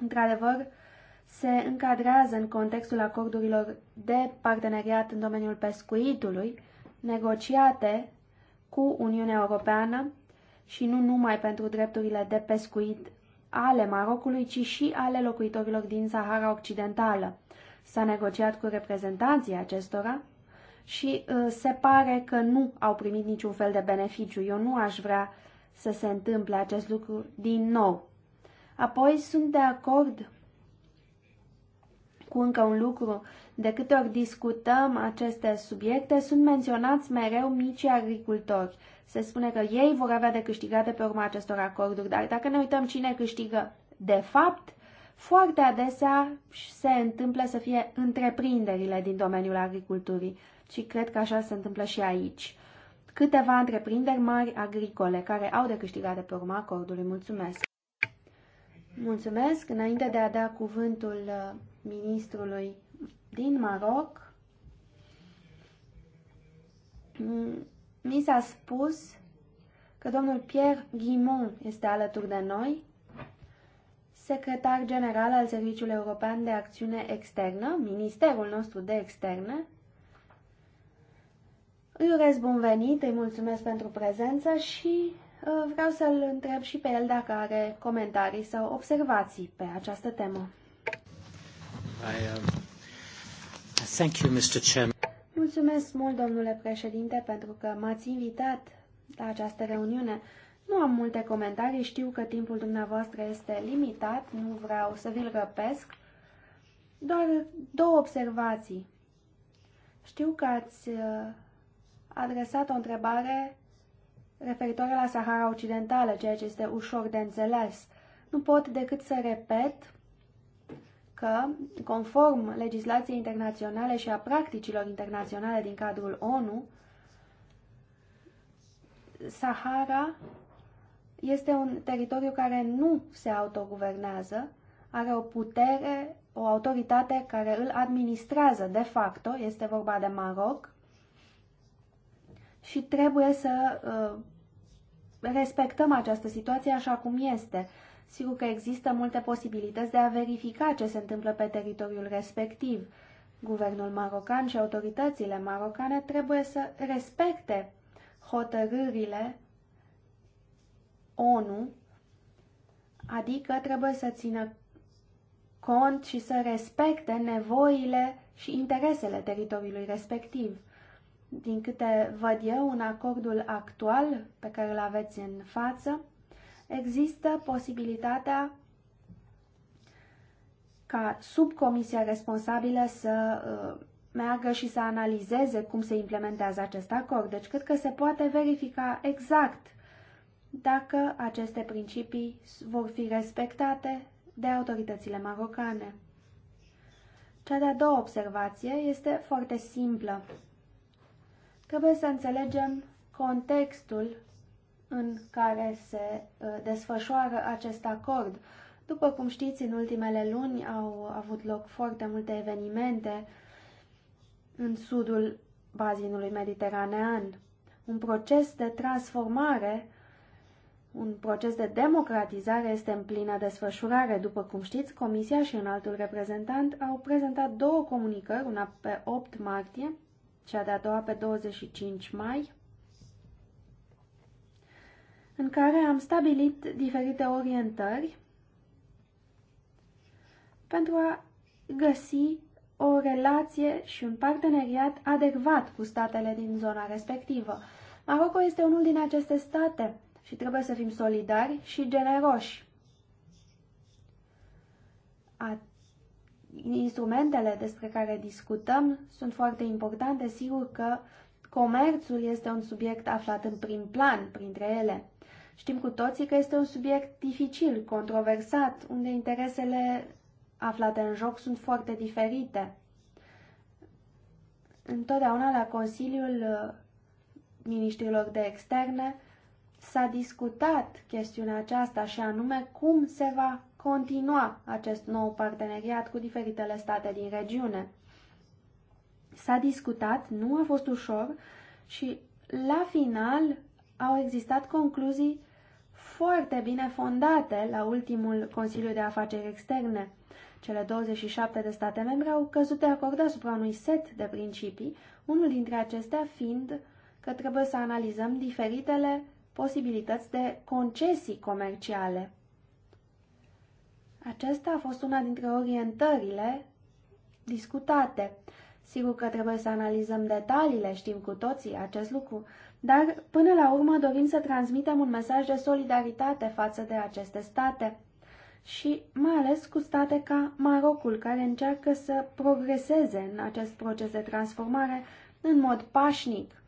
Într-adevăr, se încadrează în contextul acordurilor de parteneriat în domeniul pescuitului, negociate cu Uniunea Europeană și nu numai pentru drepturile de pescuit ale Marocului, ci și ale locuitorilor din Sahara Occidentală. S-a negociat cu reprezentanții acestora și uh, se pare că nu au primit niciun fel de beneficiu. Eu nu aș vrea să se întâmple acest lucru din nou. Apoi sunt de acord cu încă un lucru. De câte ori discutăm aceste subiecte, sunt menționați mereu micii agricultori. Se spune că ei vor avea de câștigat de pe urma acestor acorduri, dar dacă ne uităm cine câștigă de fapt, foarte adesea se întâmplă să fie întreprinderile din domeniul agriculturii ci cred că așa se întâmplă și aici. Câteva întreprinderi mari agricole care au de câștigat de pe urma acordului. Mulțumesc! Mulțumesc! Înainte de a da cuvântul uh, ministrului din Maroc, mi mm, s-a spus că domnul Pierre Guimont este alături de noi, secretar general al Serviciului European de Acțiune Externă, ministerul nostru de externe, îi urez bun venit, îi mulțumesc pentru prezență și uh, vreau să-l întreb și pe el dacă are comentarii sau observații pe această temă. I, uh, thank you, Mr. Chairman. Mulțumesc mult, domnule președinte, pentru că m-ați invitat la această reuniune. Nu am multe comentarii, știu că timpul dumneavoastră este limitat, nu vreau să vi-l răpesc. Doar două observații. Știu că ați uh, adresat o întrebare referitoare la Sahara Occidentală, ceea ce este ușor de înțeles. Nu pot decât să repet că, conform legislației internaționale și a practicilor internaționale din cadrul ONU, Sahara este un teritoriu care nu se autoguvernează, are o putere, o autoritate care îl administrează de facto, este vorba de Maroc, și trebuie să uh, respectăm această situație așa cum este. Sigur că există multe posibilități de a verifica ce se întâmplă pe teritoriul respectiv. Guvernul marocan și autoritățile marocane trebuie să respecte hotărârile ONU, adică trebuie să țină cont și să respecte nevoile și interesele teritoriului respectiv din câte văd eu, în acordul actual pe care îl aveți în față, există posibilitatea ca subcomisia responsabilă să uh, meargă și să analizeze cum se implementează acest acord. Deci cred că se poate verifica exact dacă aceste principii vor fi respectate de autoritățile marocane. Cea de-a doua observație este foarte simplă. Trebuie să înțelegem contextul în care se uh, desfășoară acest acord. După cum știți, în ultimele luni au avut loc foarte multe evenimente în sudul bazinului mediteranean. Un proces de transformare, un proces de democratizare este în plină desfășurare. După cum știți, Comisia și un altul reprezentant au prezentat două comunicări, una pe 8 martie cea de-a doua pe 25 mai, în care am stabilit diferite orientări pentru a găsi o relație și un parteneriat adecvat cu statele din zona respectivă. Maroco este unul din aceste state și trebuie să fim solidari și generoși. Instrumentele despre care discutăm sunt foarte importante, sigur că comerțul este un subiect aflat în prim plan printre ele. Știm cu toții că este un subiect dificil, controversat, unde interesele aflate în joc sunt foarte diferite. Întotdeauna la Consiliul uh, Ministrilor de Externe s-a discutat chestiunea aceasta și anume cum se va continua acest nou parteneriat cu diferitele state din regiune. S-a discutat, nu a fost ușor și la final au existat concluzii foarte bine fondate la ultimul Consiliu de Afaceri Externe. Cele 27 de state membre au căzut de acord asupra unui set de principii, unul dintre acestea fiind că trebuie să analizăm diferitele posibilități de concesii comerciale. Aceasta a fost una dintre orientările discutate. Sigur că trebuie să analizăm detaliile, știm cu toții acest lucru, dar până la urmă dorim să transmitem un mesaj de solidaritate față de aceste state și mai ales cu state ca Marocul, care încearcă să progreseze în acest proces de transformare în mod pașnic.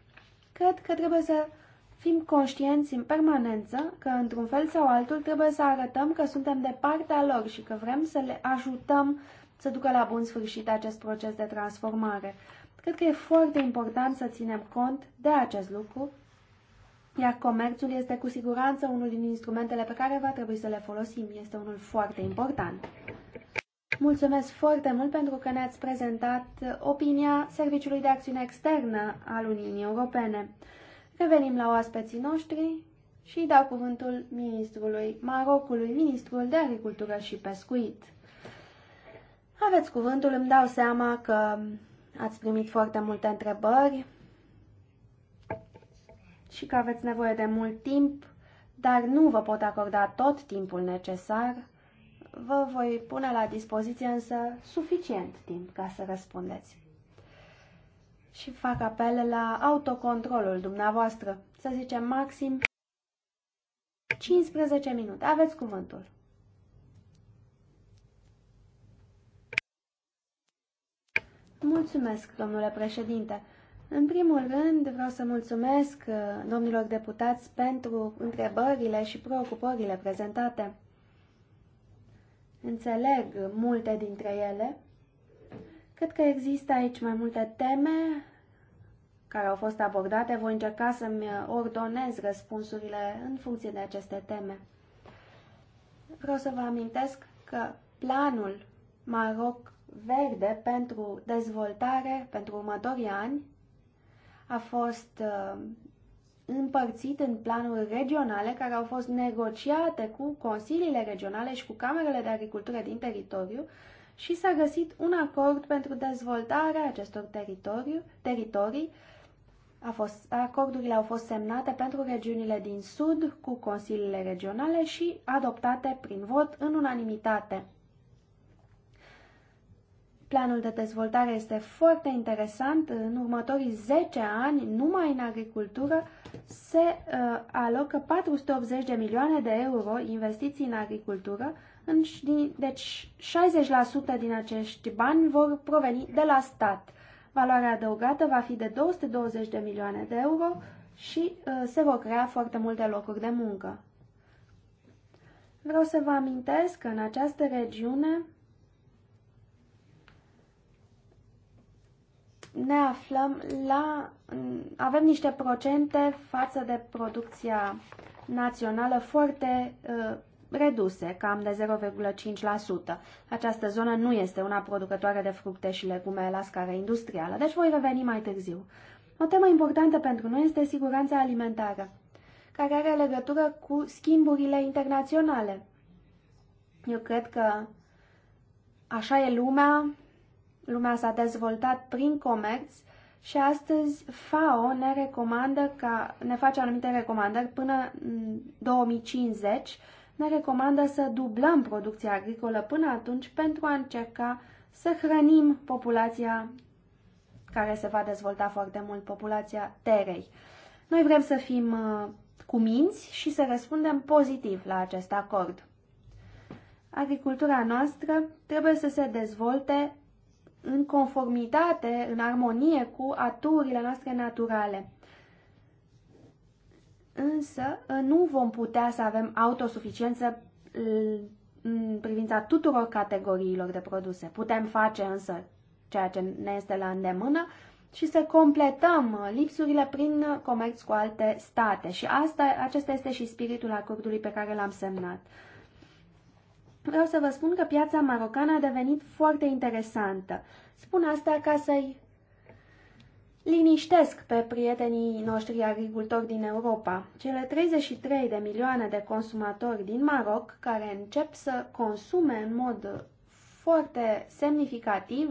Cred că trebuie să fim conștienți în permanență că, într-un fel sau altul, trebuie să arătăm că suntem de partea lor și că vrem să le ajutăm să ducă la bun sfârșit acest proces de transformare. Cred că e foarte important să ținem cont de acest lucru, iar comerțul este cu siguranță unul din instrumentele pe care va trebui să le folosim. Este unul foarte important. Mulțumesc foarte mult pentru că ne-ați prezentat opinia Serviciului de Acțiune Externă al Uniunii Europene. Revenim la oaspeții noștri și îi dau cuvântul ministrului Marocului, ministrul de agricultură și pescuit. Aveți cuvântul, îmi dau seama că ați primit foarte multe întrebări și că aveți nevoie de mult timp, dar nu vă pot acorda tot timpul necesar. Vă voi pune la dispoziție însă suficient timp ca să răspundeți și fac apel la autocontrolul dumneavoastră, să zicem maxim 15 minute. Aveți cuvântul. Mulțumesc, domnule președinte. În primul rând, vreau să mulțumesc uh, domnilor deputați pentru întrebările și preocupările prezentate. Înțeleg multe dintre ele Cred că există aici mai multe teme care au fost abordate. Voi încerca să-mi uh, ordonez răspunsurile în funcție de aceste teme. Vreau să vă amintesc că planul Maroc Verde pentru dezvoltare pentru următorii ani a fost uh, împărțit în planuri regionale care au fost negociate cu consiliile regionale și cu camerele de agricultură din teritoriu și s-a găsit un acord pentru dezvoltarea acestor teritoriu, teritorii. A fost, acordurile au fost semnate pentru regiunile din sud cu consiliile regionale și adoptate prin vot în unanimitate. Planul de dezvoltare este foarte interesant. În următorii 10 ani, numai în agricultură, se uh, alocă 480 de milioane de euro investiții în agricultură, deci 60% din acești bani vor proveni de la stat. Valoarea adăugată va fi de 220 de milioane de euro și ă, se vor crea foarte multe locuri de muncă. Vreau să vă amintesc că în această regiune ne aflăm la... avem niște procente față de producția națională foarte uh, reduse, cam de 0,5%. Această zonă nu este una producătoare de fructe și legume la scară industrială, deci voi reveni mai târziu. O temă importantă pentru noi este siguranța alimentară, care are legătură cu schimburile internaționale. Eu cred că așa e lumea, lumea s-a dezvoltat prin comerț și astăzi FAO ne recomandă ca, ne face anumite recomandări până în 2050 ne recomandă să dublăm producția agricolă până atunci pentru a încerca să hrănim populația care se va dezvolta foarte mult, populația terei. Noi vrem să fim uh, cuminți și să răspundem pozitiv la acest acord. Agricultura noastră trebuie să se dezvolte în conformitate, în armonie cu aturile noastre naturale însă ă, nu vom putea să avem autosuficiență ă, în privința tuturor categoriilor de produse. Putem face însă ceea ce ne este la îndemână și să completăm lipsurile prin comerț cu alte state. Și asta, acesta este și spiritul acordului pe care l-am semnat. Vreau să vă spun că piața marocană a devenit foarte interesantă. Spun asta ca să-i liniștesc pe prietenii noștri agricultori din Europa. Cele 33 de milioane de consumatori din Maroc care încep să consume în mod foarte semnificativ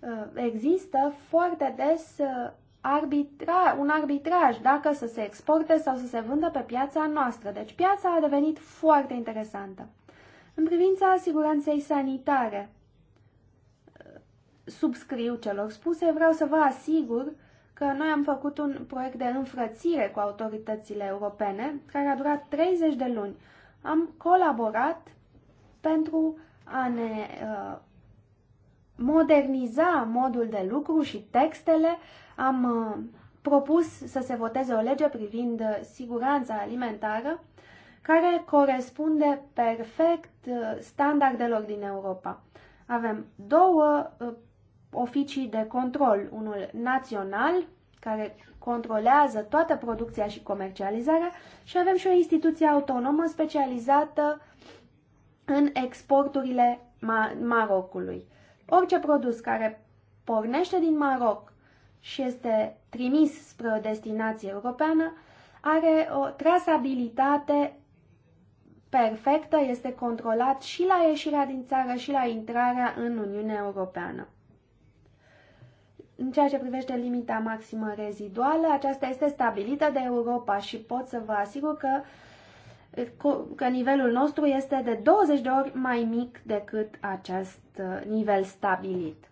uh, există foarte des uh, arbitra, un arbitraj dacă să se exporte sau să se vândă pe piața noastră. Deci piața a devenit foarte interesantă. În privința siguranței sanitare, subscriu celor spuse, vreau să vă asigur că noi am făcut un proiect de înfrățire cu autoritățile europene, care a durat 30 de luni. Am colaborat pentru a ne uh, moderniza modul de lucru și textele. Am uh, propus să se voteze o lege privind uh, siguranța alimentară, care corespunde perfect uh, standardelor din Europa. Avem două uh, oficii de control, unul național care controlează toată producția și comercializarea și avem și o instituție autonomă specializată în exporturile Mar- Marocului. Orice produs care pornește din Maroc și este trimis spre o destinație europeană are o trasabilitate perfectă, este controlat și la ieșirea din țară și la intrarea în Uniunea Europeană. În ceea ce privește limita maximă reziduală, aceasta este stabilită de Europa și pot să vă asigur că, că nivelul nostru este de 20 de ori mai mic decât acest uh, nivel stabilit.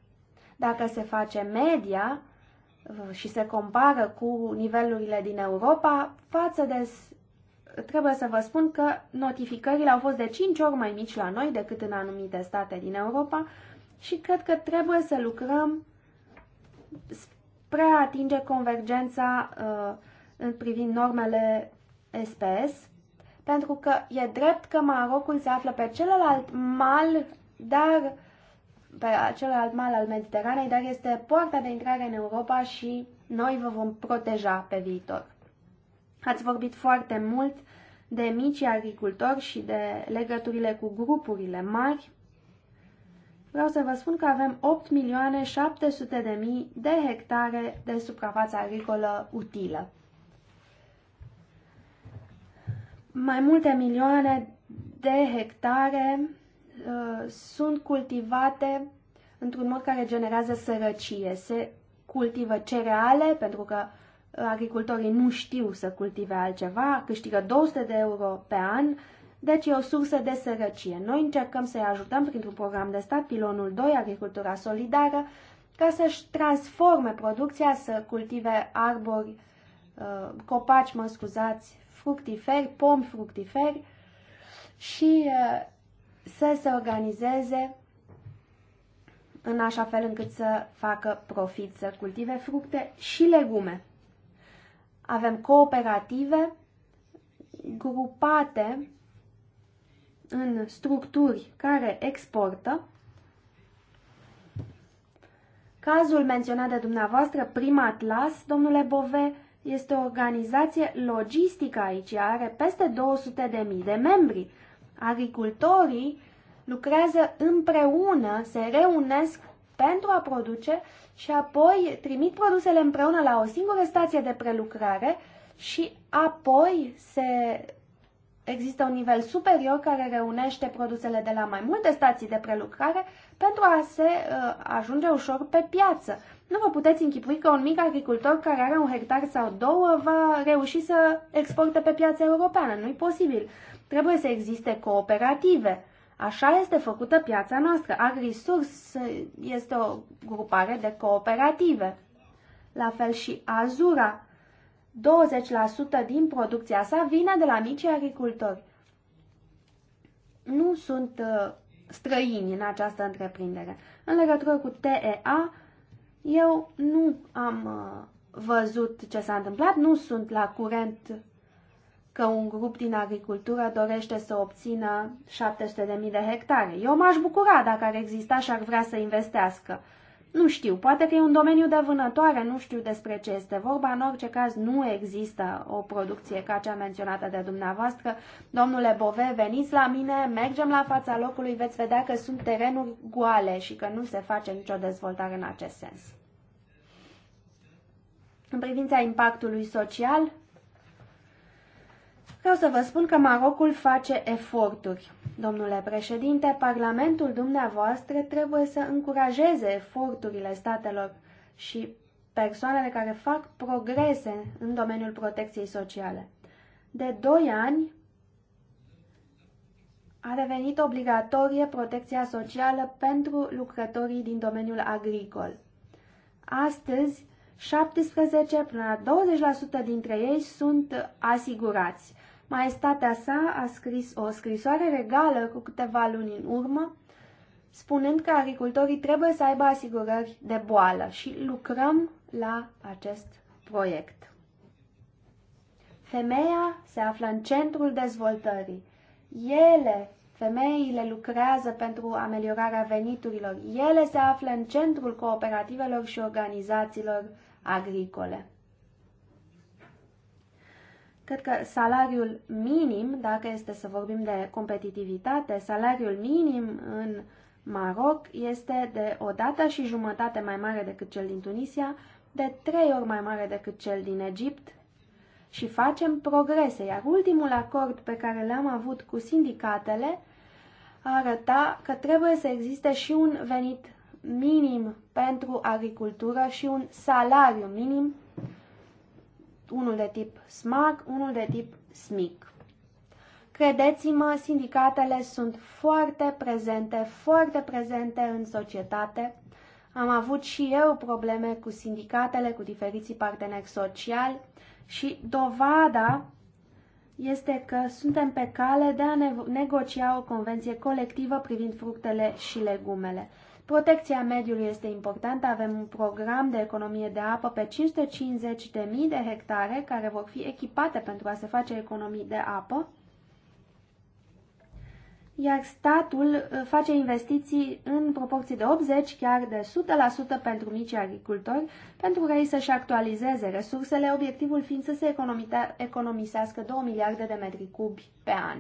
Dacă se face media uh, și se compară cu nivelurile din Europa, față de trebuie să vă spun că notificările au fost de 5 ori mai mici la noi decât în anumite state din Europa și cred că trebuie să lucrăm spre a atinge convergența uh, în privind normele SPS, pentru că e drept că Marocul se află pe celălalt mal, dar pe celălalt mal al Mediteranei, dar este poarta de intrare în Europa și noi vă vom proteja pe viitor. Ați vorbit foarte mult de micii agricultori și de legăturile cu grupurile mari vreau să vă spun că avem 8.700.000 milioane de mii de hectare de suprafață agricolă utilă. Mai multe milioane de hectare uh, sunt cultivate într-un mod care generează sărăcie. Se cultivă cereale pentru că uh, agricultorii nu știu să cultive altceva, câștigă 200 de euro pe an, uh, deci e o sursă de sărăcie. Noi încercăm să-i ajutăm printr-un program de stat, pilonul 2, agricultura solidară, ca să-și transforme producția, să cultive arbori, uh, copaci, mă scuzați, fructiferi, pomi fructiferi și uh, să se organizeze în așa fel încât să facă profit, să cultive fructe și legume. Avem cooperative grupate în structuri care exportă. Cazul menționat de dumneavoastră, Prima Atlas, domnule Bove, este o organizație logistică aici, are peste 200.000 de, de membri. Agricultorii lucrează împreună, se reunesc pentru a produce și apoi trimit produsele împreună la o singură stație de prelucrare și apoi se există un nivel superior care reunește produsele de la mai multe stații de prelucrare pentru a se uh, ajunge ușor pe piață. Nu vă puteți închipui că un mic agricultor care are un hectar sau două va reuși să exporte pe piața europeană. Nu-i posibil. Trebuie să existe cooperative. Așa este făcută piața noastră. AgriSource este o grupare de cooperative. La fel și Azura 20% din producția sa vine de la micii agricultori. Nu sunt uh, străini în această întreprindere. În legătură cu TEA, eu nu am uh, văzut ce s-a întâmplat, nu sunt la curent că un grup din agricultură dorește să obțină 700.000 de hectare. Eu m-aș bucura dacă ar exista și ar vrea să investească. Nu știu, poate că e un domeniu de vânătoare, nu știu despre ce este vorba. În orice caz, nu există o producție ca cea menționată de dumneavoastră. Domnule Bove, veniți la mine, mergem la fața locului, veți vedea că sunt terenuri goale și că nu se face nicio dezvoltare în acest sens. În privința impactului social, vreau să vă spun că Marocul face eforturi. Domnule președinte, Parlamentul dumneavoastră trebuie să încurajeze eforturile statelor și persoanele care fac progrese în domeniul protecției sociale. De 2 ani a devenit obligatorie protecția socială pentru lucrătorii din domeniul agricol. Astăzi, 17 până la 20% dintre ei sunt asigurați. Maestatea sa a scris o scrisoare regală cu câteva luni în urmă, spunând că agricultorii trebuie să aibă asigurări de boală și lucrăm la acest proiect. Femeia se află în centrul dezvoltării. Ele, femeile, lucrează pentru ameliorarea veniturilor. Ele se află în centrul cooperativelor și organizațiilor agricole. Cred că salariul minim, dacă este să vorbim de competitivitate, salariul minim în Maroc este de o dată și jumătate mai mare decât cel din Tunisia, de trei ori mai mare decât cel din Egipt și facem progrese, iar ultimul acord pe care l-am avut cu sindicatele arăta că trebuie să existe și un venit minim pentru agricultură și un salariu minim unul de tip SMAG, unul de tip SMIC. Credeți-mă, sindicatele sunt foarte prezente, foarte prezente în societate. Am avut și eu probleme cu sindicatele, cu diferiții parteneri sociali și dovada este că suntem pe cale de a negocia o convenție colectivă privind fructele și legumele. Protecția mediului este importantă. Avem un program de economie de apă pe 550.000 de hectare care vor fi echipate pentru a se face economii de apă. Iar statul uh, face investiții în proporții de 80, chiar de 100% pentru mici agricultori, pentru ca ei să-și actualizeze resursele, obiectivul fiind să se economisească 2 miliarde de metri cubi pe an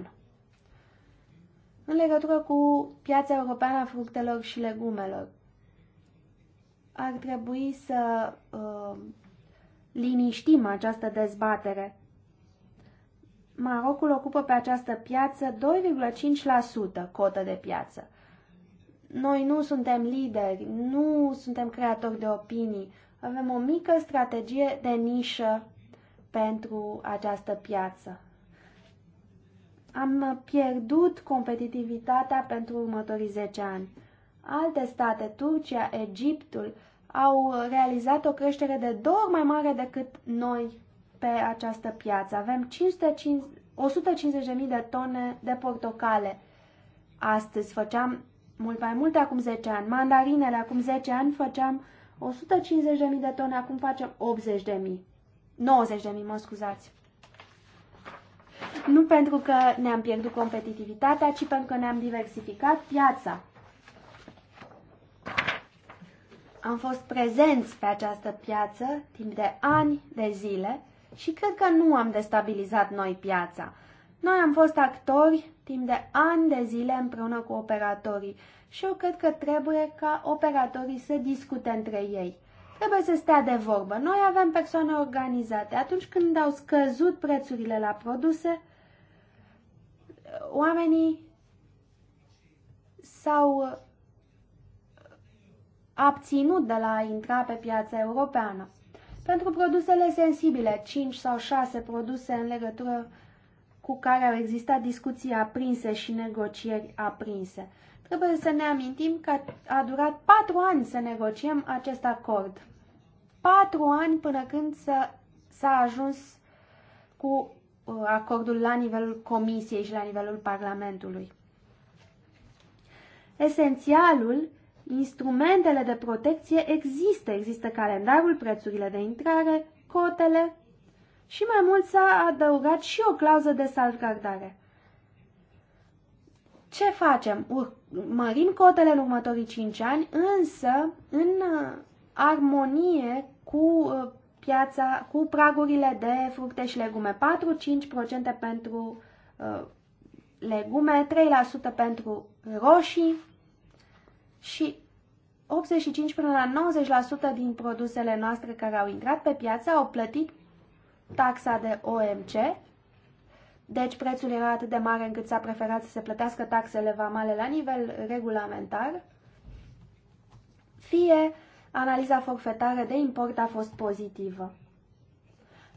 în legătură cu piața europeană a fructelor și legumelor. Ar trebui să uh, liniștim această dezbatere. Marocul ocupă pe această piață 2,5% cotă de piață. Noi nu suntem lideri, nu suntem creatori de opinii, avem o mică strategie de nișă pentru această piață am pierdut competitivitatea pentru următorii 10 ani. Alte state, Turcia, Egiptul, au realizat o creștere de două ori mai mare decât noi pe această piață. Avem 150.000 de tone de portocale. Astăzi făceam mult mai multe acum 10 ani. Mandarinele acum 10 ani făceam 150.000 de tone, acum facem 80.000. 90.000, mă scuzați nu pentru că ne-am pierdut competitivitatea, ci pentru că ne-am diversificat piața. Am fost prezenți pe această piață timp de ani de zile și cred că nu am destabilizat noi piața. Noi am fost actori timp de ani de zile împreună cu operatorii și eu cred că trebuie ca operatorii să discute între ei. Trebuie să stea de vorbă. Noi avem persoane organizate. Atunci când au scăzut prețurile la produse, oamenii s-au uh, abținut de la a intra pe piața europeană. Pentru produsele sensibile, 5 sau 6 produse în legătură cu care au existat discuții aprinse și negocieri aprinse. Trebuie să ne amintim că a durat patru ani să negociem acest acord. Patru ani până când s-a ajuns cu uh, acordul la nivelul Comisiei și la nivelul Parlamentului. Esențialul, instrumentele de protecție există. Există calendarul, prețurile de intrare, cotele și mai mult s-a adăugat și o clauză de salvgardare. Ce facem? mărim cotele în următorii 5 ani, însă în uh, armonie cu uh, piața, cu pragurile de fructe și legume. 4-5% pentru uh, legume, 3% pentru roșii și 85 până la 90% din produsele noastre care au intrat pe piață au plătit taxa de OMC deci prețul era atât de mare încât s-a preferat să se plătească taxele vamale la nivel regulamentar, fie analiza forfetară de import a fost pozitivă.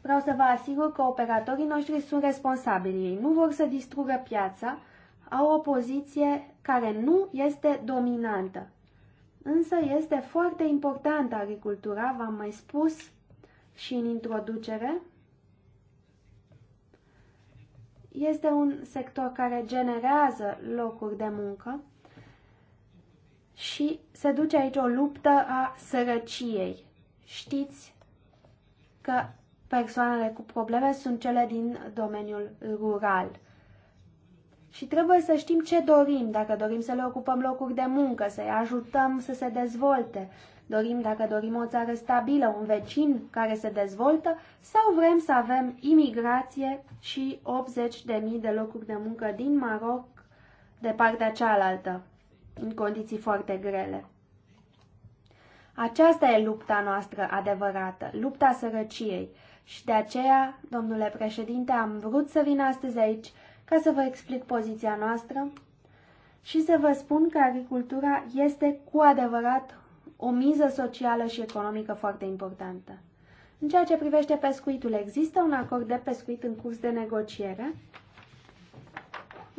Vreau să vă asigur că operatorii noștri sunt responsabili. Ei nu vor să distrugă piața, au o poziție care nu este dominantă. Însă este foarte importantă agricultura, v-am mai spus și în introducere, este un sector care generează locuri de muncă și se duce aici o luptă a sărăciei. Știți că persoanele cu probleme sunt cele din domeniul rural. Și trebuie să știm ce dorim, dacă dorim să le ocupăm locuri de muncă, să-i ajutăm să se dezvolte, Dorim, dacă dorim, o țară stabilă, un vecin care se dezvoltă sau vrem să avem imigrație și 80.000 de locuri de muncă din Maroc de partea cealaltă, în condiții foarte grele. Aceasta e lupta noastră adevărată, lupta sărăciei. Și de aceea, domnule președinte, am vrut să vin astăzi aici ca să vă explic poziția noastră și să vă spun că agricultura este cu adevărat o miză socială și economică foarte importantă. În ceea ce privește pescuitul, există un acord de pescuit în curs de negociere,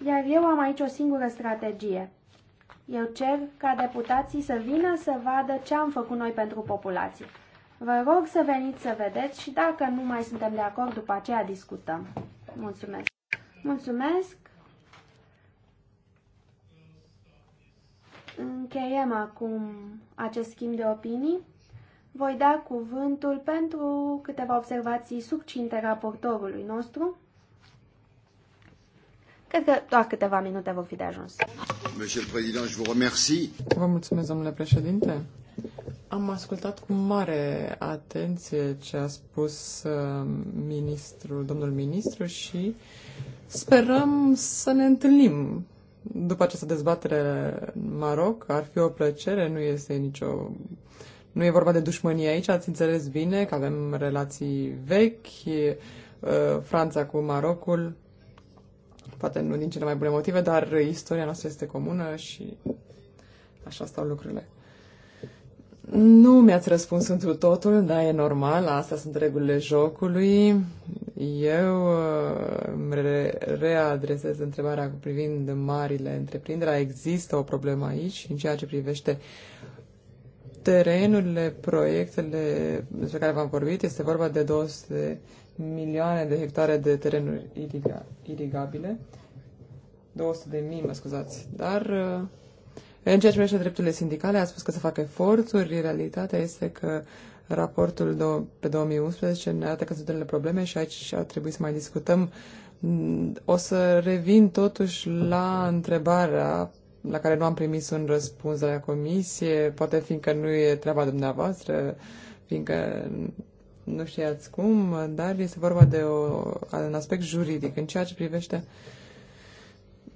iar eu am aici o singură strategie. Eu cer ca deputații să vină să vadă ce am făcut noi pentru populație. Vă rog să veniți să vedeți și dacă nu mai suntem de acord, după aceea discutăm. Mulțumesc! Mulțumesc! Încheiem acum acest schimb de opinii. Voi da cuvântul pentru câteva observații subcinte raportorului nostru. Cred că doar câteva minute vor fi de ajuns. Vă mulțumesc, domnule președinte. Am ascultat cu mare atenție ce a spus uh, ministrul, domnul ministru și sperăm să ne întâlnim după această dezbatere în Maroc, ar fi o plăcere, nu este nicio... Nu e vorba de dușmănie aici, ați înțeles bine că avem relații vechi, uh, Franța cu Marocul, poate nu din cele mai bune motive, dar istoria noastră este comună și așa stau lucrurile. Nu mi-ați răspuns întru totul, dar e normal, astea sunt regulile jocului. Eu uh, re- readresez întrebarea cu privind marile întreprinderi. Există o problemă aici în ceea ce privește terenurile, proiectele despre care v-am vorbit. Este vorba de 200 milioane de hectare de terenuri irigabile. 200 de mii, mă scuzați. Dar uh, în ceea ce privește drepturile sindicale, a spus că se fac eforturi. Realitatea este că raportul pe 2011 ne arată că sunt unele probleme și aici ar trebui să mai discutăm. O să revin totuși la întrebarea la care nu am primit un răspuns de la comisie, poate fiindcă nu e treaba dumneavoastră, fiindcă nu știați cum, dar este vorba de o, un aspect juridic în ceea ce privește uh,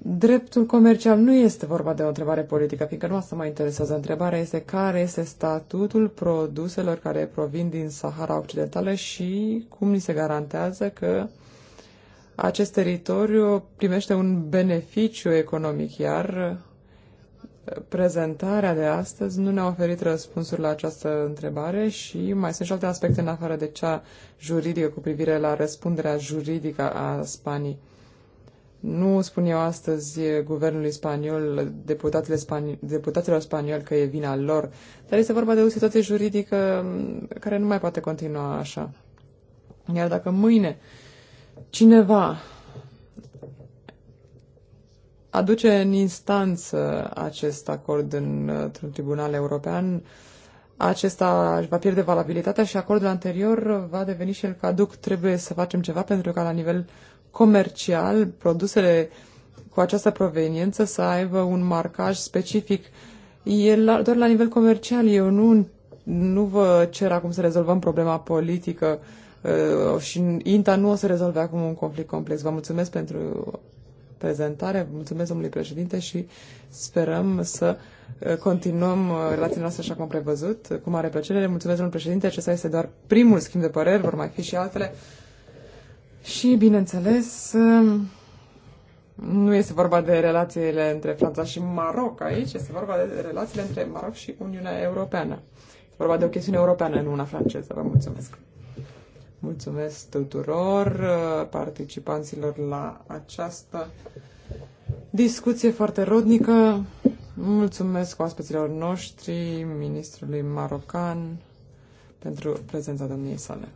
dreptul comercial nu este vorba de o întrebare politică, fiindcă nu asta mă interesează. Întrebarea este care este statutul produselor care provin din Sahara Occidentală și cum ni se garantează că acest teritoriu primește un beneficiu economic, iar prezentarea de astăzi nu ne-a oferit răspunsuri la această întrebare și mai sunt și alte aspecte în afară de cea juridică cu privire la răspunderea juridică a Spaniei. Nu spun eu astăzi guvernului spaniol, deputatele spani- deputaților spanioli că e vina lor, dar este vorba de o situație juridică care nu mai poate continua așa. Iar dacă mâine cineva aduce în instanță acest acord în, într-un tribunal european, acesta va pierde valabilitatea și acordul anterior va deveni și el caduc. Trebuie să facem ceva pentru ca la nivel comercial produsele cu această proveniență să aibă un marcaj specific. E la, doar la nivel comercial. Eu nu, nu vă cer acum să rezolvăm problema politică uh, și INTA nu o să rezolve acum un conflict complex. Vă mulțumesc pentru prezentare, vă mulțumesc domnului președinte și sperăm să uh, continuăm uh, relația noastră așa cum am prevăzut. Uh, cu mare plăcere, mulțumesc domnul președinte, acesta este doar primul schimb de păreri, vor mai fi și altele. Și, bineînțeles, um, nu este vorba de relațiile între Franța și Maroc aici, este vorba de relațiile între Maroc și Uniunea Europeană. Este vorba de o chestiune europeană, nu una franceză. Vă mulțumesc! Mulțumesc tuturor uh, participanților la această discuție foarte rodnică. Mulțumesc oaspeților noștri, ministrului marocan, pentru prezența domniei sale.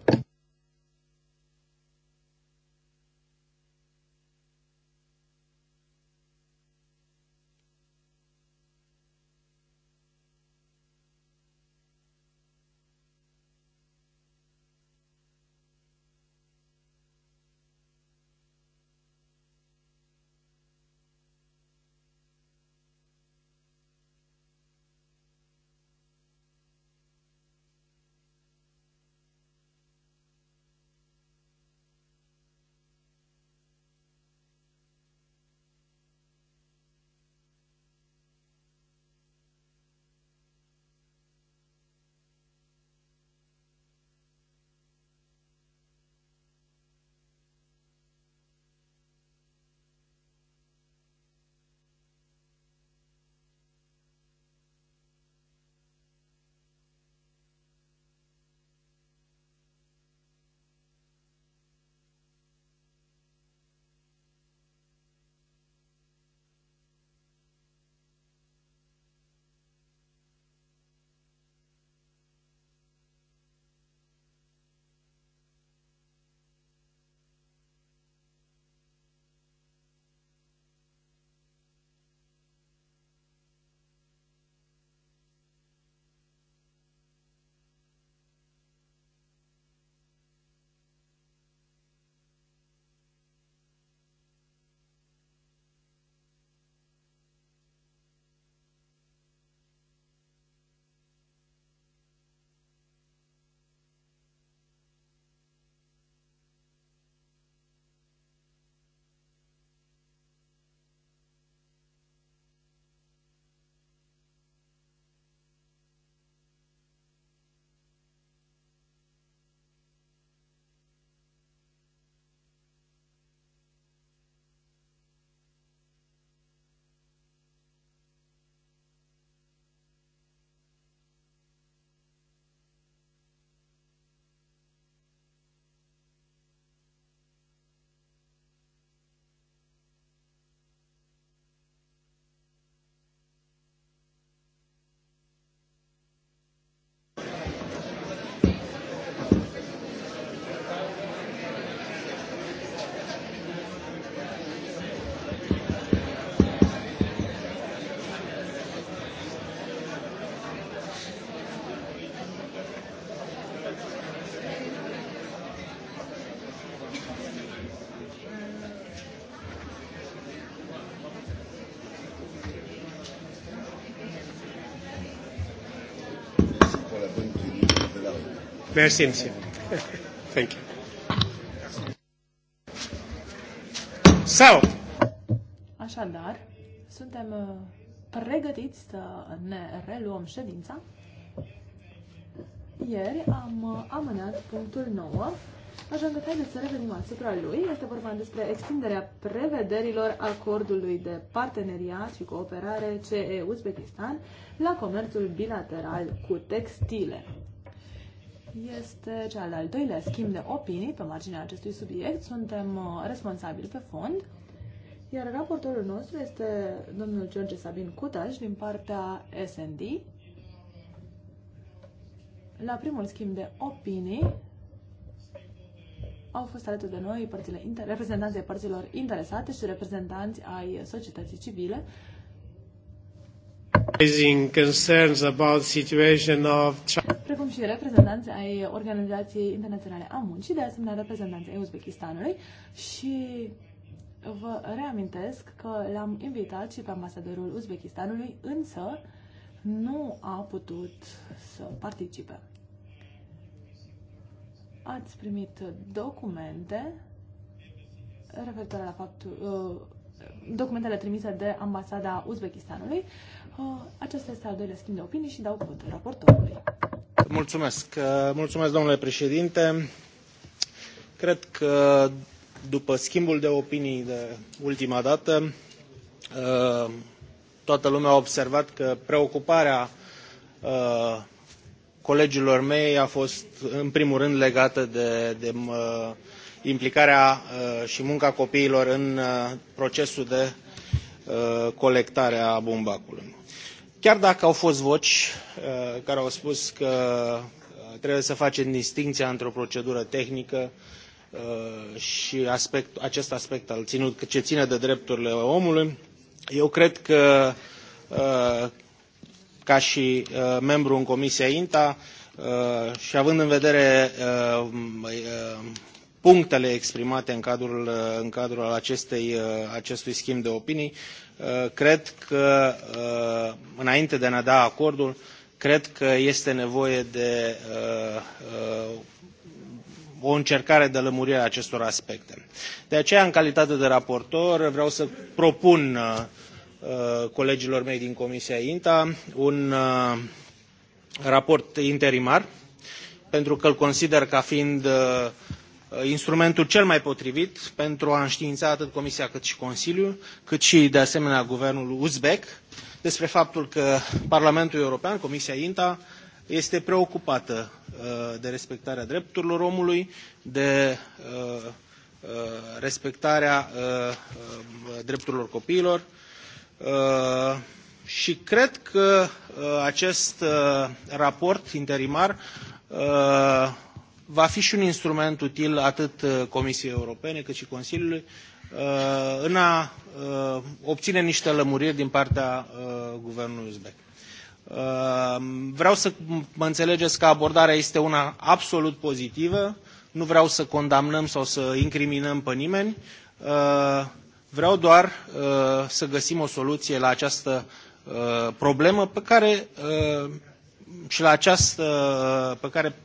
Very Thank you. So. Așadar, suntem uh, pregătiți să ne reluăm ședința. Ieri am uh, amânat punctul 9, așa încât haideți să revenim asupra lui. Este vorba despre extinderea prevederilor acordului de parteneriat și cooperare CE-Uzbekistan la comerțul bilateral cu textile este cel de-al doilea schimb de opinii pe marginea acestui subiect. Suntem uh, responsabili pe fond, iar raportorul nostru este domnul George Sabin Cutaș din partea SND. La primul schimb de opinii au fost alături de noi părțile reprezentanții părților interesate și reprezentanți ai societății civile, raising concerns about situation of precum și reprezentanți ai Organizației Internaționale a Muncii, de asemenea reprezentanți ai Uzbekistanului și vă reamintesc că l-am invitat și pe ambasadorul Uzbekistanului, însă nu a putut să participe. Ați primit documente referitoare la faptul, uh, documentele trimise de ambasada Uzbekistanului Uh, acesta este al doilea schimb de opinii și dau cuvântul raportorului. Mulțumesc. Uh, mulțumesc, domnule președinte. Cred că după schimbul de opinii de ultima dată, uh, toată lumea a observat că preocuparea colegilor mei a fost, în primul rând, legată de, de implicarea și munca copiilor în procesul de Uh, colectarea bumbacului. Chiar dacă au fost voci uh, care au spus că uh, trebuie să facem distinția între o procedură tehnică și aspect, acest aspect al ținut, ce ține de drepturile omului, eu cred că ca și membru în Comisia INTA și având în vedere punctele exprimate în cadrul, uh, în cadrul acestei, uh, acestui schimb de opinii. Uh, cred că, înainte de a ne da acordul, cred că este nevoie de o încercare de lămurire a acestor aspecte. De aceea, în calitate de raportor, vreau să propun colegilor mei din Comisia INTA un raport interimar, pentru că îl consider ca fiind Uh, instrumentul cel mai potrivit pentru a înștiința atât Comisia cât și Consiliul, cât și de asemenea guvernul uzbek despre faptul că Parlamentul European, Comisia INTA, este preocupată uh, de respectarea drepturilor omului, de uh, respectarea drepturilor copiilor și cred că acest raport interimar va fi și un instrument util atât uh, Comisiei Europene cât și Consiliului uh, în a uh, obține niște lămuriri din partea guvernului uzbek. Vreau să mă înțelegeți că abordarea este una absolut pozitivă, nu vreau să condamnăm sau să incriminăm pe nimeni, vreau doar să găsim o soluție la această problemă pe care și la această, pe care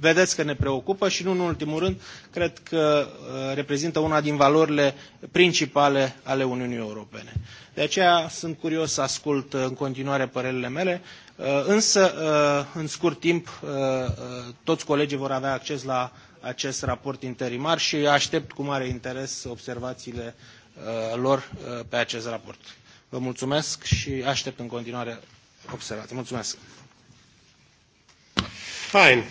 vedeți că ne preocupă și nu în ultimul rând, cred că uh, reprezintă una din valorile principale ale Uniunii Europene. De aceea sunt curios să ascult uh, în continuare părerile mele, uh, însă în scurt timp toți colegii vor avea acces la acest raport interimar și aștept cu mare interes observațiile lor pe acest raport. Vă mulțumesc și aștept în continuare observații. Mulțumesc! Fine.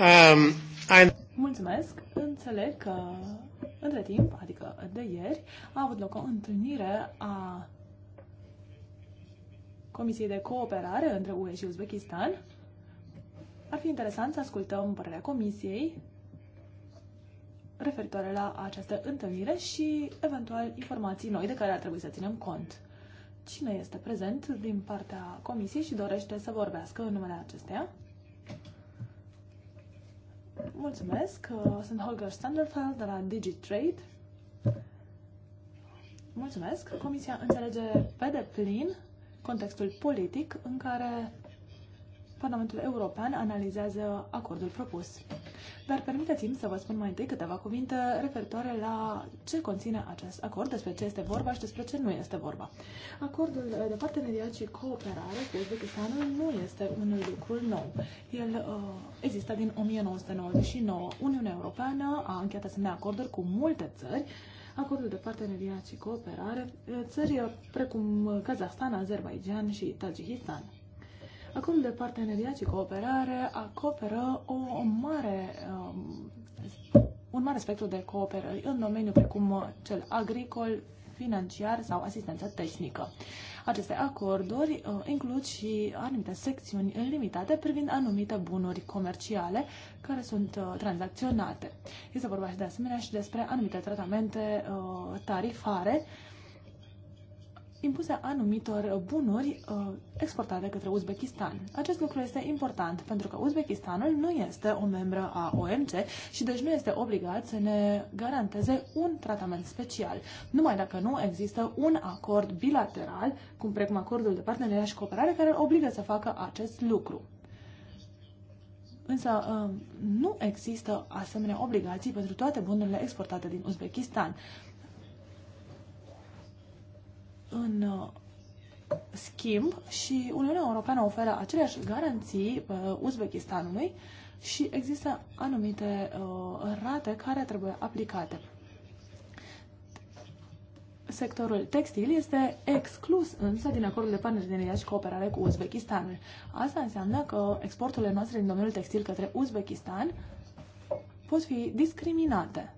Um, I... Mulțumesc. Înțeleg că între timp, adică de ieri, a avut loc o întâlnire a Comisiei de Cooperare între UE și Uzbekistan. Ar fi interesant să ascultăm părerea Comisiei referitoare la această întâlnire și eventual informații noi de care ar trebui să ținem cont. Cine este prezent din partea Comisiei și dorește să vorbească în numele acesteia? Mulțumesc! Uh, sunt Holger Standerfeld de la DigiTrade. Mulțumesc! Comisia înțelege pe deplin contextul politic în care Parlamentul European analizează acordul propus. Dar permiteți-mi să vă spun mai întâi câteva cuvinte referitoare la ce conține acest acord, despre ce este vorba și despre ce nu este vorba. Acordul de parteneriat și cooperare cu Uzbekistanul nu este un lucru nou. El uh, există din 1999. Uniunea Europeană a încheiat asemenea acorduri cu multe țări acordul de parteneriat și cooperare, uh, țări uh, precum uh, Kazahstan, Azerbaijan și Tajikistan. Acum de parteneriat și cooperare acoperă o mare, um, un mare spectru de cooperări în domeniu precum cel agricol, financiar sau asistență tehnică. Aceste acorduri uh, includ și anumite secțiuni limitate privind anumite bunuri comerciale care sunt uh, tranzacționate. Este vorba și de asemenea și despre anumite tratamente uh, tarifare uh, impuse anumitor bunuri uh, exportate către Uzbekistan. Acest lucru este important pentru că Uzbekistanul nu este o membră a OMC și deci nu este obligat să ne garanteze un tratament special, numai dacă nu există un acord bilateral, cum precum acordul de parteneriat și cooperare, care îl obligă să facă acest lucru. Însă uh, nu există asemenea obligații pentru toate bunurile exportate din Uzbekistan în uh, schimb și Uniunea Europeană oferă aceleași garanții uh, Uzbekistanului și există anumite uh, rate care trebuie aplicate. Sectorul textil este exclus însă din acordul de parteneriat și cooperare cu Uzbekistanul. Asta înseamnă că exporturile noastre din domeniul textil către Uzbekistan pot fi discriminate.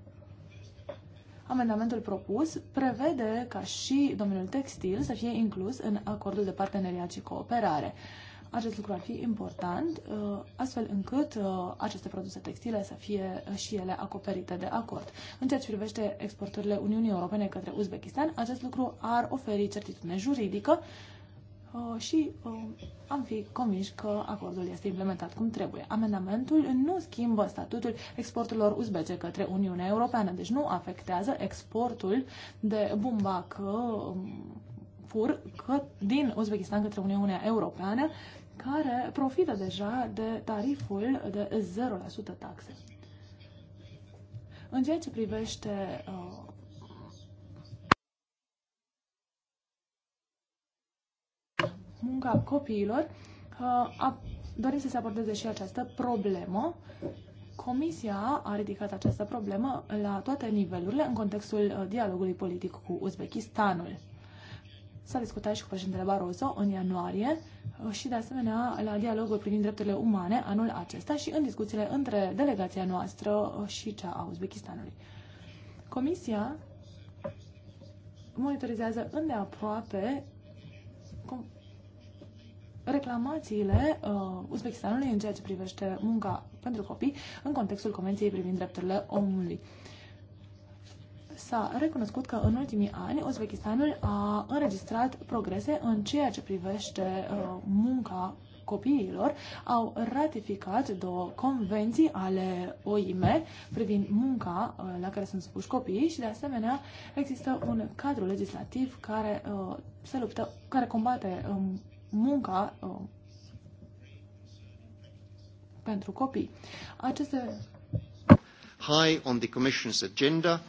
Amendamentul propus prevede ca și domeniul textil să fie inclus în acordul de parteneriat și cooperare. Acest lucru ar fi important, uh, astfel încât uh, aceste produse textile să fie și ele acoperite de acord. În ceea ce privește exporturile Uniunii Europene către Uzbekistan, acest lucru ar oferi certitudine juridică Uh, și um, am fi convinși că acordul este implementat cum trebuie. Amendamentul nu schimbă statutul exporturilor uzbece către Uniunea Europeană, deci nu afectează exportul de bumbac um, fur că, din Uzbekistan către Uniunea Europeană, care profită deja de tariful de 0% taxe. În ceea ce privește uh, munca copiilor, uh, A dorim să se abordeze și această problemă. Comisia a ridicat această problemă la toate nivelurile în contextul uh, dialogului politic cu Uzbekistanul. S-a discutat și cu președintele Barroso în ianuarie uh, și, de asemenea, la dialogul privind drepturile umane anul acesta și în discuțiile între delegația noastră și cea a Uzbekistanului. Comisia monitorizează îndeaproape reclamațiile uh, Uzbekistanului în ceea ce privește munca pentru copii în contextul Convenției privind drepturile omului. S-a recunoscut că în ultimii ani Uzbekistanul a înregistrat progrese în ceea ce privește uh, munca copiilor, au ratificat două convenții ale OIM privind munca uh, la care sunt supuși copiii și de asemenea există un cadru legislativ care uh, se luptă, care combate um, munca uh, pentru copii. Aceste high on the commission's agenda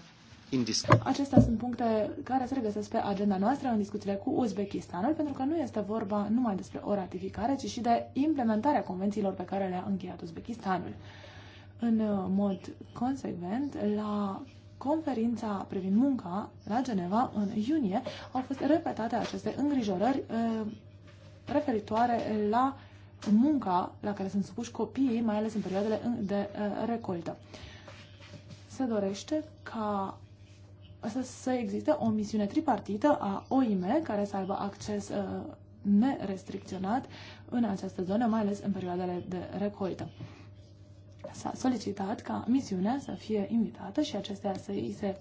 in this... Acestea sunt puncte care se regăsesc pe agenda noastră în discuțiile cu Uzbekistanul, pentru că nu este vorba numai despre o ratificare, ci și de implementarea convențiilor pe care le-a încheiat Uzbekistanul. În uh, mod consecvent, la conferința privind munca la Geneva în iunie au fost repetate aceste îngrijorări uh, referitoare la munca la care sunt supuși copiii, mai ales în perioadele de uh, recoltă. Se dorește ca să, să existe o misiune tripartită a OIM care să aibă acces uh, nerestricționat în această zonă, mai ales în perioadele de recoltă. S-a solicitat ca misiunea să fie invitată și acestea să îi se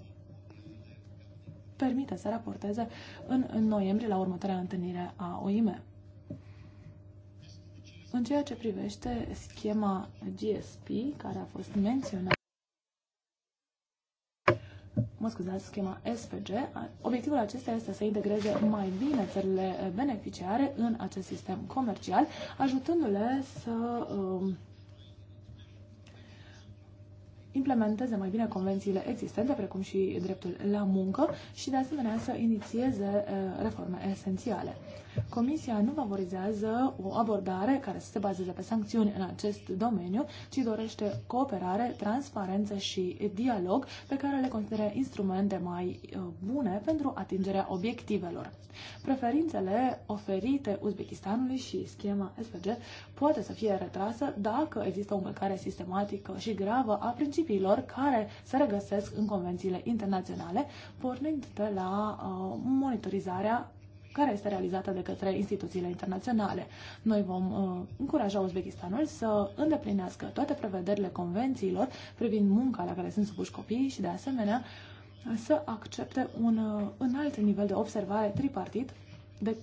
permite să raporteze în, în noiembrie la următoarea întâlnire a OIM. În ceea ce privește schema GSP, care a fost menționată, mă scuzați, schema SPG, obiectivul acesta este să integreze mai bine țările beneficiare în acest sistem comercial, ajutându-le să uh, implementeze mai bine convențiile existente, precum și dreptul la muncă și, de asemenea, să inițieze uh, reforme esențiale. Comisia nu favorizează o abordare care să se bazeze pe sancțiuni în acest domeniu, ci dorește cooperare, transparență și dialog pe care le consideră instrumente mai uh, bune pentru atingerea obiectivelor. Preferințele oferite Uzbekistanului și schema SPG poate să fie retrasă dacă există o încălcare sistematică și gravă a principiilor care se regăsesc în convențiile internaționale, pornind de la uh, monitorizarea care este realizată de către instituțiile internaționale. Noi vom uh, încuraja Uzbekistanul să îndeplinească toate prevederile convențiilor privind munca la care sunt supuși copiii și, de asemenea, să accepte un uh, înalt nivel de observare tripartit de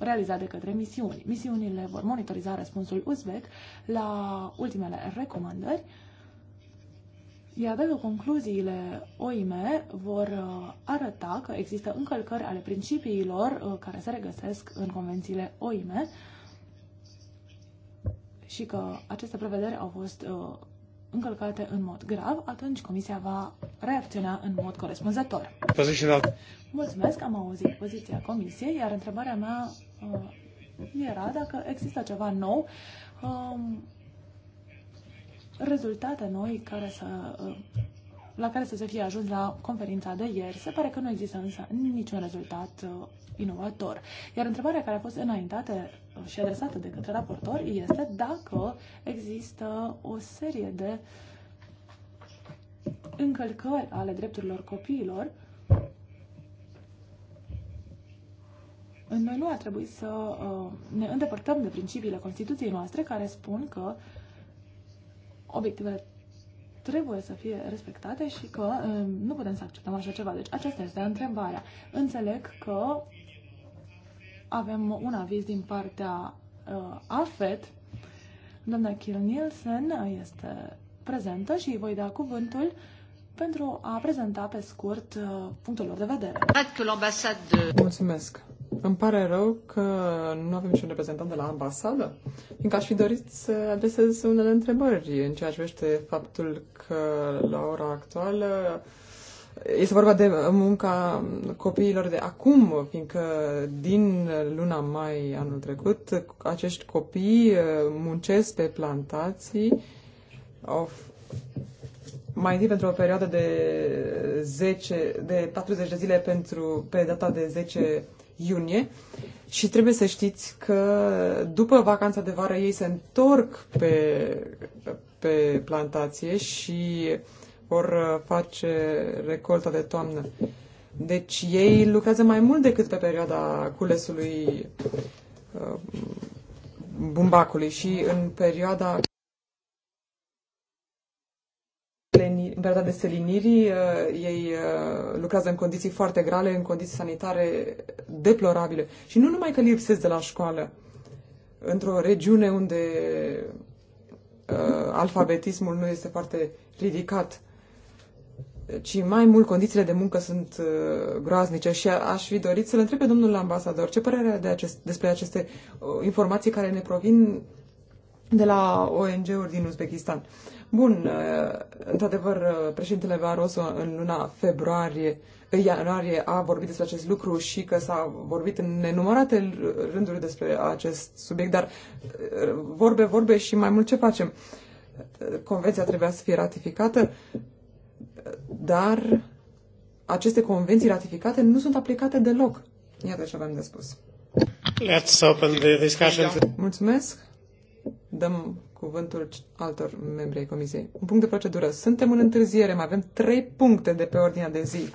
realizat de către misiuni. Misiunile vor monitoriza răspunsul uzbek la ultimele recomandări uh, iar dacă concluziile OIM vor uh, arăta că există încălcări ale principiilor uh, care se regăsesc în convențiile OIM și că aceste prevederi au fost uh, încălcate în mod grav, atunci Comisia va reacționa în mod corespunzător. Poziționat. Mulțumesc, am auzit poziția Comisiei, iar întrebarea mea uh, era dacă există ceva nou um, rezultate noi care să, uh, la care să se fie ajuns la conferința de ieri. Se pare că nu există însă niciun rezultat uh, inovator. Iar întrebarea care a fost înaintată uh, și adresată de către raportor este dacă există o serie de încălcări ale drepturilor copiilor Noi nu ar trebui să ne îndepărtăm de principiile Constituției noastre care spun că uh, obiectivele trebuie să fie respectate și că um, nu putem să acceptăm așa ceva. Deci aceasta este întrebarea. Înțeleg că avem un aviz din partea uh, AFET. Doamna Kiel Nielsen este prezentă și îi voi da cuvântul pentru a prezenta pe scurt uh, punctul lor de vedere. Mulțumesc! Îmi pare rău că nu avem niciun reprezentant de la ambasadă, fiindcă aș fi dorit să adresez unele întrebări în ceea ce privește faptul că la ora actuală este vorba de munca copiilor de acum, fiindcă din luna mai anul trecut acești copii uh, muncesc pe plantații of, mai întâi pentru o perioadă de 10, de 40 de zile pentru, pe data de 10 iunie și trebuie să știți că după vacanța de vară ei se întorc pe, pe plantație și vor uh, face recolta de toamnă. Deci ei lucrează mai mult decât pe perioada culesului uh, bumbacului și în perioada în perioada de selinirii, uh, ei uh, lucrează în condiții foarte grale, în condiții sanitare deplorabile. Și nu numai că lipsesc de la școală, într-o regiune unde uh, alfabetismul nu este foarte ridicat, ci mai mult condițiile de muncă sunt uh, groaznice și aș fi dorit să-l întreb pe domnul ambasador ce părere are de acest, despre aceste uh, informații care ne provin de la ONG-uri din Uzbekistan. Bun, uh, într-adevăr, uh, președintele Barroso în luna februarie, ianuarie a vorbit despre acest lucru și că s-a vorbit în nenumărate rânduri despre acest subiect, dar uh, vorbe, vorbe și mai mult ce facem. Convenția trebuia să fie ratificată, dar aceste convenții ratificate nu sunt aplicate deloc. Iată ce avem de spus. Let's open the discussion. Mulțumesc dăm cuvântul altor membri ai comisiei. Un punct de procedură. Suntem în întârziere, mai avem trei puncte de pe ordinea de zi.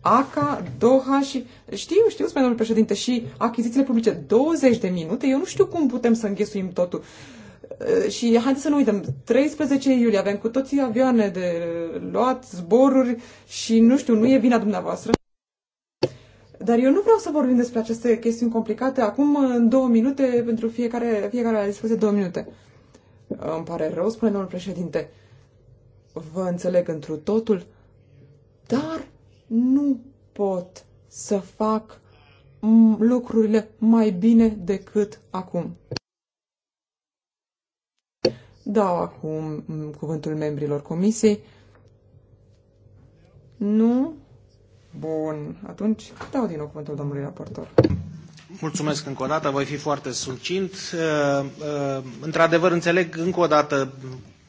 ACA, Doha și, știu, știu, spune domnul președinte, și achizițiile publice. 20 de minute, eu nu știu cum putem să înghesuim totul. Uh, și haideți să nu uităm, 13 iulie avem cu toții avioane de luat, zboruri și nu știu, nu e vina dumneavoastră. Dar eu nu vreau să vorbim despre aceste chestiuni complicate acum în două minute, pentru fiecare, fiecare a dispoziție două minute. Îmi pare rău, spune domnul președinte. Vă înțeleg întru totul, dar nu pot să fac lucrurile mai bine decât acum. Dau acum cuvântul membrilor comisiei. Nu Bun, atunci dau din nou cuvântul domnului raportor. Mulțumesc încă o dată, voi fi foarte succint. Uh, uh, într-adevăr, înțeleg încă o dată,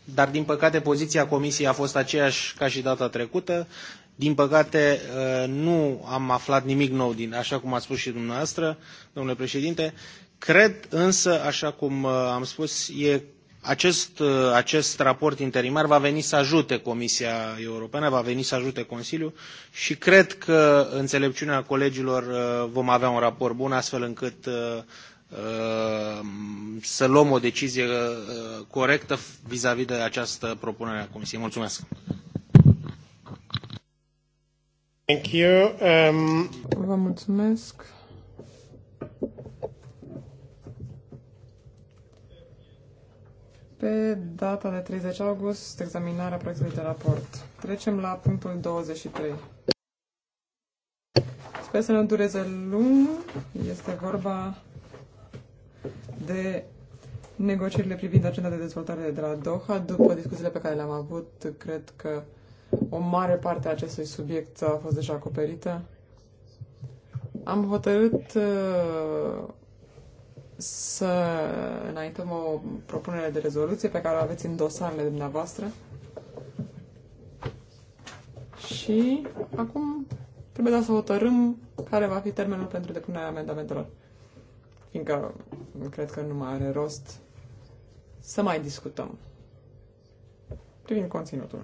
dar din păcate poziția Comisiei a fost aceeași ca și data trecută. Din păcate, uh, nu am aflat nimic nou, din, așa cum a spus și dumneavoastră, domnule președinte. Cred însă, așa cum am spus, e acest, uh, acest raport interimar va veni să ajute Comisia Europeană, va veni să ajute Consiliul și cred că înțelepciunea colegilor uh, vom avea un raport bun astfel încât uh, să luăm o decizie corectă vis-a-vis -vis de această propunere a Comisiei. Mulțumesc! Thank you. Um... Vă mulțumesc. Pe data de 30 august, examinarea proiectului de raport. Trecem la punctul 23. Sper să nu dureze lung. Este vorba de negocierile privind agenda de dezvoltare de la Doha. După discuțiile pe care le-am avut, cred că o mare parte a acestui subiect a fost deja acoperită. Am hotărât uh, să înaintăm o propunere de rezoluție pe care o aveți în dosarele dumneavoastră. Și acum trebuie doar să hotărâm care va fi termenul pentru depunerea amendamentelor. Fiindcă cred că nu mai are rost să mai discutăm privind conținutul.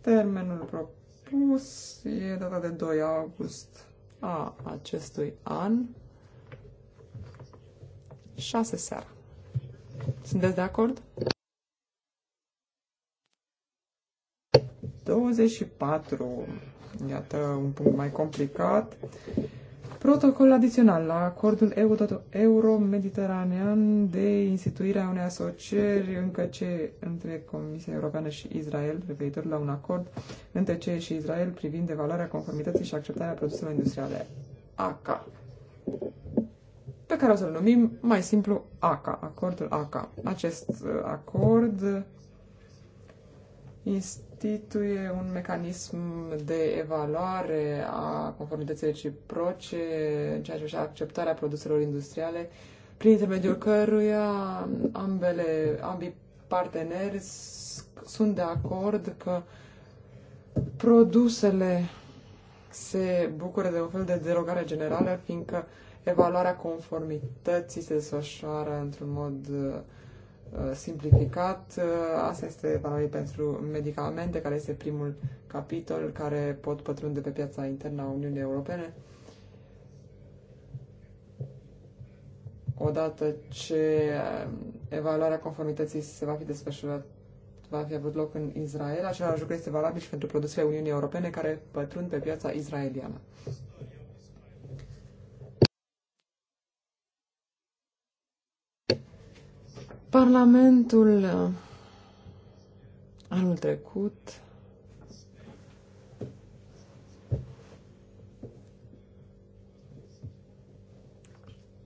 Termenul propus e data de 2 august a acestui an 6 seara. Sunteți de acord? 24. Iată un punct mai complicat. Protocol adițional la acordul euro-mediteranean de instituire a unei asocieri încă ce între Comisia Europeană și Israel, referitor la un acord între CE și Israel privind evaluarea conformității și acceptarea produselor industriale. ACA pe care o să-l numim mai simplu ACA, acordul ACA. Acest uh, acord instituie un mecanism de evaluare a conformității reciproce în ceea ce privește acceptarea produselor industriale, prin intermediul căruia ambele, ambii parteneri sunt de acord că produsele se bucură de un fel de derogare generală, fiindcă uh, Evaluarea conformității se desfășoară într-un mod uh, uh, simplificat. Uh, asta este valabil pentru medicamente, care este primul capitol care pot pătrunde pe piața internă a Uniunii Europene. Odată ce evaluarea conformității se va fi desfășurat, va fi avut loc în Israel, același lucru este valabil și pentru produsele Uniunii Europene care pătrund pe piața israeliană. Parlamentul uh, anul trecut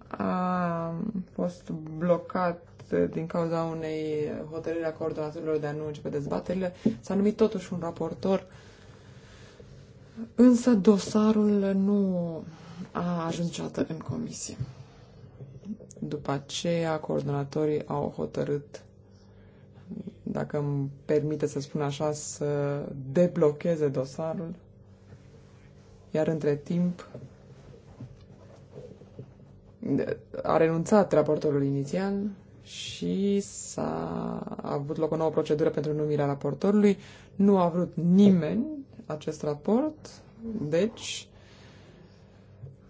a fost blocat uh, din cauza unei hotărâri a coordonatorilor de a nu începe dezbaterile. S-a numit totuși un raportor, însă dosarul nu a ajuns niciodată în comisie. După aceea, coordonatorii au hotărât, dacă îmi permite să spun așa, să deblocheze dosarul. Iar între timp, a renunțat raportorul inițial și s-a avut loc o nouă procedură pentru numirea raportorului. Nu a vrut nimeni acest raport, deci,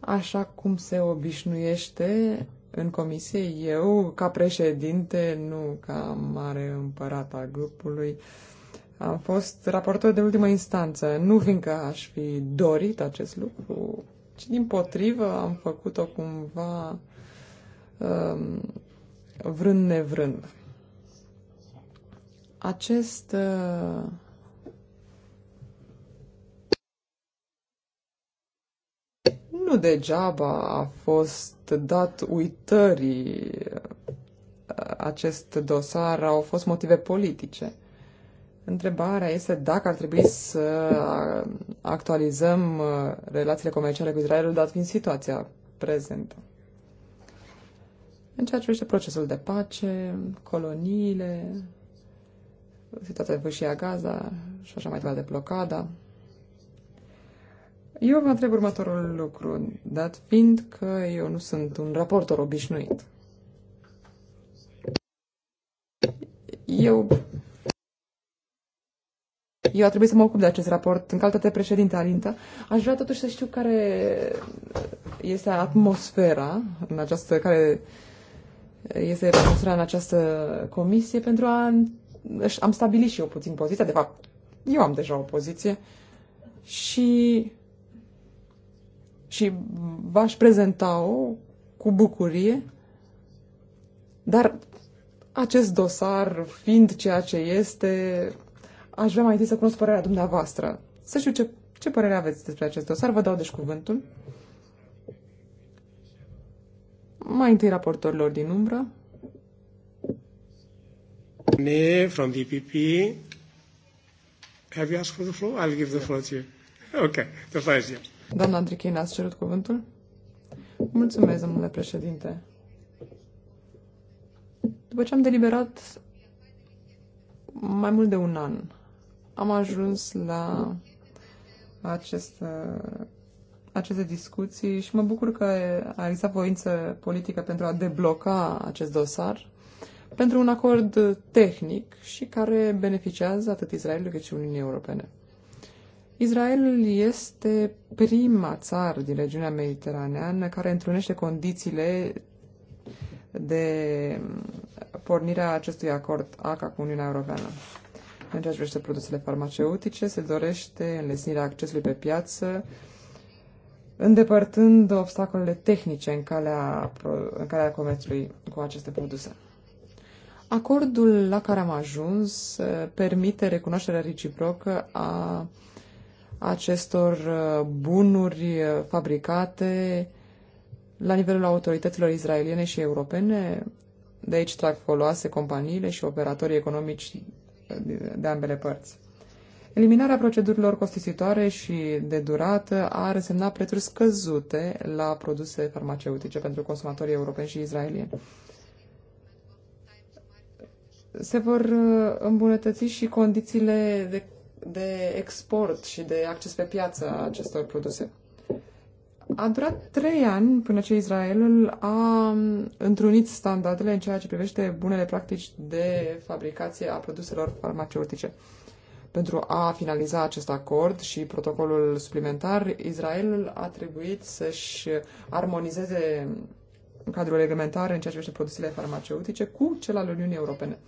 așa cum se obișnuiește, în comisie, eu, ca președinte, nu ca mare împărat al grupului, am fost raportor de ultimă instanță, nu fiindcă aș fi dorit acest lucru, ci din potrivă am făcut-o cumva um, vrând nevrând. Acest uh, nu degeaba a fost dat uitării uh, acest dosar, au fost motive politice. Întrebarea este dacă ar trebui să uh, actualizăm uh, relațiile comerciale cu Israelul, dat fiind situația prezentă. În ceea ce privește procesul de pace, coloniile, situația de fâșia Gaza și așa mai departe, blocada. Eu vă întreb următorul lucru, dat fiind că eu nu sunt un raportor obișnuit. Eu eu a trebuit să mă ocup de acest raport în calitate de președinte alintă. Aș vrea totuși să știu care este atmosfera în această, care este atmosfera în această comisie pentru a am stabilit și eu puțin poziția, de fapt eu am deja o poziție și și v-aș prezenta-o cu bucurie, dar acest dosar, fiind ceea ce este, aș vrea mai întâi să cunosc părerea dumneavoastră. Să știu ce, ce părere aveți despre acest dosar, vă dau deci cuvântul. Mai întâi raportorilor din umbră. Ne, from DPP. Have you asked for the floor? I'll give the floor to you. Okay, the floor is yours. Doamna Andrichina, ați cerut cuvântul? Mulțumesc, domnule președinte. După ce am deliberat mai mult de un an, am ajuns la aceste, aceste discuții și mă bucur că a existat voință politică pentru a debloca acest dosar pentru un acord tehnic și care beneficiază atât Israelului cât și Uniunii Europene. Israelul este prima țară din regiunea mediteraneană care întrunește condițiile de pornirea acestui acord ACA cu Uniunea Europeană. În ceea ce privește produsele farmaceutice, se dorește înlesnirea accesului pe piață, îndepărtând obstacolele tehnice în calea, în calea comerțului cu aceste produse. Acordul la care am ajuns eh, permite recunoașterea reciprocă a acestor uh, bunuri uh, fabricate la nivelul autorităților israeliene și europene. De aici trag foloase companiile și operatorii economici uh, de ambele părți. Eliminarea procedurilor costisitoare și de durată ar însemna prețuri scăzute la produse farmaceutice pentru consumatorii europeni și israelieni. Se vor îmbunătăți și condițiile de de export și de acces pe piață a acestor produse. A durat trei ani până ce Israelul a um, întrunit standardele în ceea ce privește bunele practici de fabricație a produselor farmaceutice. Pentru a finaliza acest acord și protocolul suplimentar, Israelul a trebuit să-și armonizeze cadrul reglementar în ceea ce privește produsele farmaceutice cu cel al Uniunii Europene.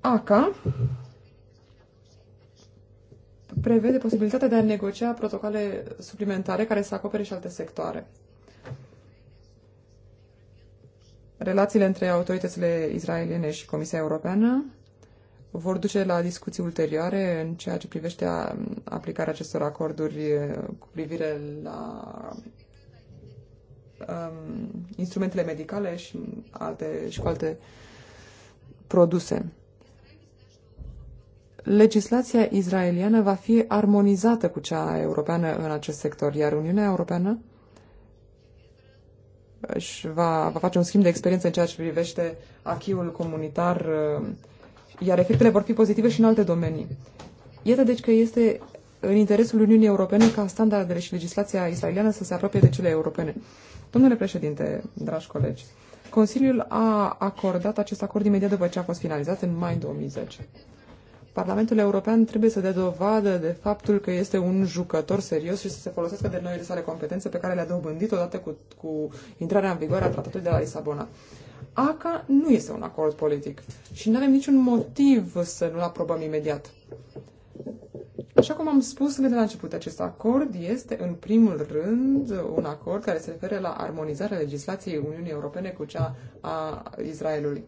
ACA prevede posibilitatea de a negocia protocoale suplimentare care să acopere și alte sectoare. Relațiile între autoritățile israeliene și Comisia Europeană vor duce la discuții ulterioare în ceea ce privește aplicarea acestor acorduri cu privire la um, instrumentele medicale și, alte, și cu alte produse legislația izraeliană va fi armonizată cu cea europeană în acest sector, iar Uniunea Europeană își va, va face un schimb de experiență în ceea ce privește achiul comunitar, uh, iar efectele vor fi pozitive și în alte domenii. Iată deci că este în interesul Uniunii Europene ca standardele și legislația israeliană să se apropie de cele europene. Domnule președinte, dragi colegi, Consiliul a acordat acest acord imediat după ce a fost finalizat în mai 2010. Parlamentul European trebuie să dea dovadă de faptul că este un jucător serios și să se folosească de noile sale competențe pe care le-a dobândit odată cu, cu intrarea în vigoare a tratatului de la Lisabona. ACA nu este un acord politic și nu avem niciun motiv să nu-l aprobăm imediat. Așa cum am spus de la început, acest acord este în primul rând un acord care se referă la armonizarea legislației Uniunii Europene cu cea a Israelului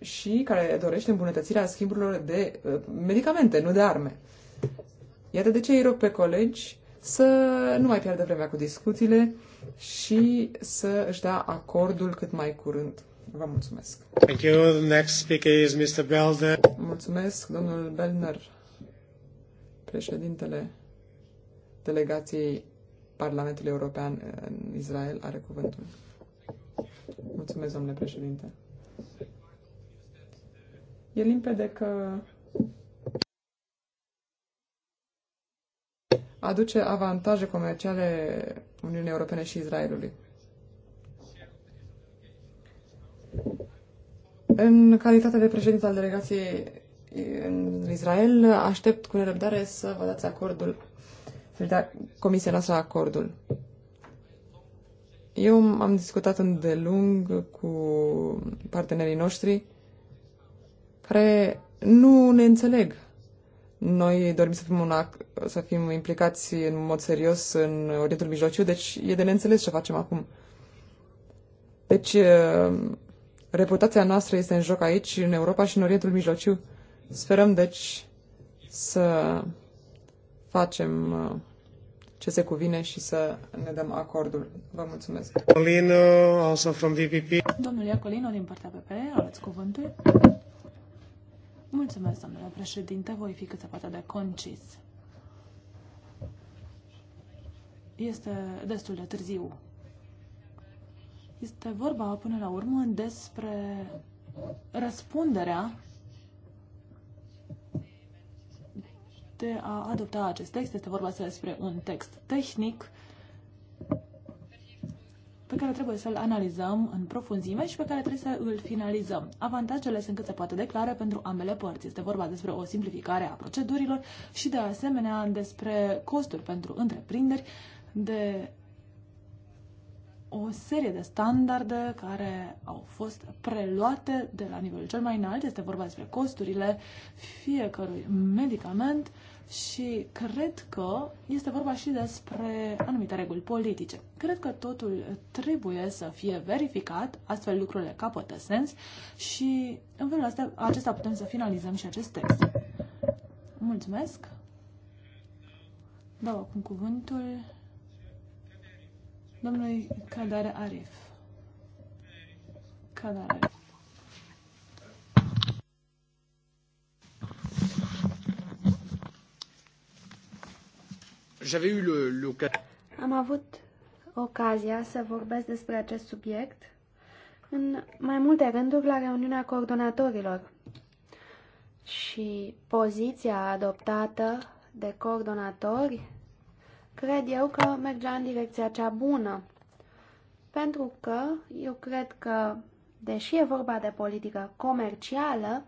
și care dorește îmbunătățirea schimburilor de uh, medicamente, nu de arme. Iată de ce îi rog pe colegi să nu mai pierdă vremea cu discuțiile și să își dea acordul cât mai curând. Vă mulțumesc. Thank you. The next speaker is Mr. Belder. Mulțumesc, domnul Belner, președintele delegației Parlamentului European în Israel, are cuvântul. Mulțumesc, domnule președinte. E limpede că aduce avantaje comerciale Uniunii Europene și Israelului. În calitate de președinte al delegației în Israel, aștept cu nerăbdare să vă dați acordul, să da comisia noastră acordul. Eu am discutat îndelung cu partenerii noștri care nu ne înțeleg. Noi dorim să fim, una, să fim implicați în mod serios în Orientul Mijlociu, deci e de neînțeles ce facem acum. Deci, uh, reputația noastră este în joc aici, în Europa și în Orientul Mijlociu. Sperăm, deci, să facem uh, ce se cuvine și să ne dăm acordul. Vă mulțumesc. Colin, uh, also from VPP. Domnul Iacolino, din partea PP, aveți cuvântul. Mulțumesc, domnule președinte. Voi fi cât se poate de concis. Este destul de târziu. Este vorba, până la urmă, despre răspunderea de a adopta acest text. Este vorba despre un text tehnic pe care trebuie să-l analizăm în profunzime și pe care trebuie să îl finalizăm. Avantajele sunt cât se poate declare pentru ambele părți. Este vorba despre o simplificare a procedurilor și de asemenea despre costuri pentru întreprinderi, de o serie de standarde care au fost preluate de la nivelul cel mai înalt. Este vorba despre costurile fiecărui medicament și cred că este vorba și despre anumite reguli politice. Cred că totul trebuie să fie verificat, astfel lucrurile capătă sens și în felul acesta, acesta putem să finalizăm și acest text. Mulțumesc! Dau acum cuvântul domnului Kadare Arif. Kadare Arif. Am avut ocazia să vorbesc despre acest subiect în mai multe rânduri la reuniunea coordonatorilor. Și poziția adoptată de coordonatori cred eu că mergea în direcția cea bună. Pentru că eu cred că, deși e vorba de politică comercială,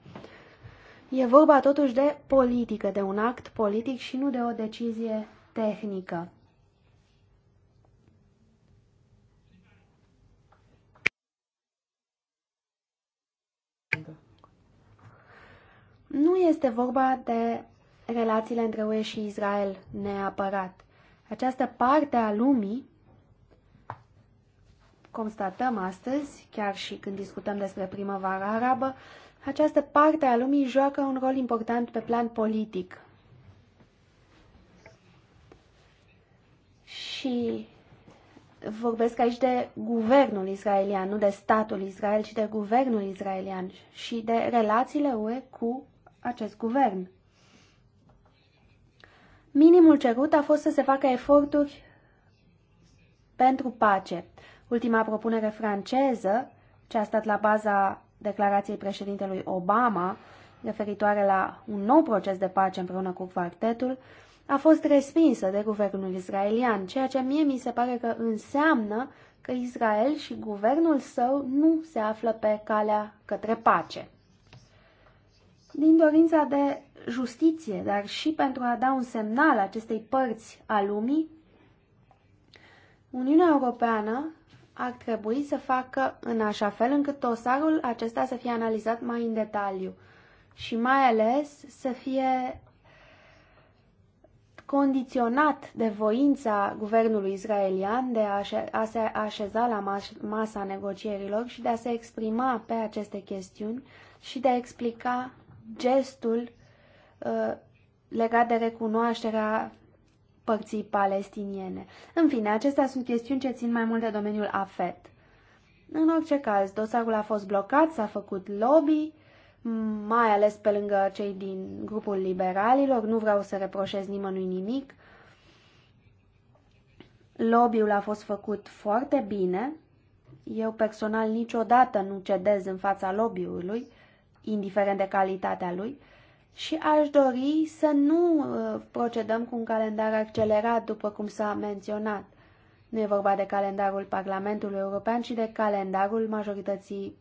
e vorba totuși de politică, de un act politic și nu de o decizie tehnică. Nu este vorba de relațiile între UE și Israel neapărat. Această parte a lumii, constatăm astăzi, chiar și când discutăm despre primăvara arabă, această parte a lumii joacă un rol important pe plan politic și vorbesc aici de guvernul israelian, nu de statul Israel, ci de guvernul israelian și de relațiile UE cu acest guvern. Minimul cerut a fost să se facă eforturi pentru pace. Ultima propunere franceză, ce a stat la baza declarației președintelui Obama, referitoare la un nou proces de pace împreună cu quartetul, a fost respinsă de guvernul israelian, ceea ce mie mi se pare că înseamnă că Israel și guvernul său nu se află pe calea către pace. Din dorința de justiție, dar și pentru a da un semnal acestei părți a lumii, Uniunea Europeană ar trebui să facă în așa fel încât dosarul acesta să fie analizat mai în detaliu și mai ales să fie condiționat de voința guvernului israelian de a se așeza la masa negocierilor și de a se exprima pe aceste chestiuni și de a explica gestul uh, legat de recunoașterea părții palestiniene. În fine, acestea sunt chestiuni ce țin mai mult de domeniul AFET. În orice caz, dosarul a fost blocat, s-a făcut lobby mai ales pe lângă cei din grupul liberalilor, nu vreau să reproșez nimănui nimic. Lobby-ul a fost făcut foarte bine. Eu personal niciodată nu cedez în fața lobby-ului, indiferent de calitatea lui, și aș dori să nu uh, procedăm cu un calendar accelerat, după cum s-a menționat. Nu e vorba de calendarul Parlamentului European, ci de calendarul majorității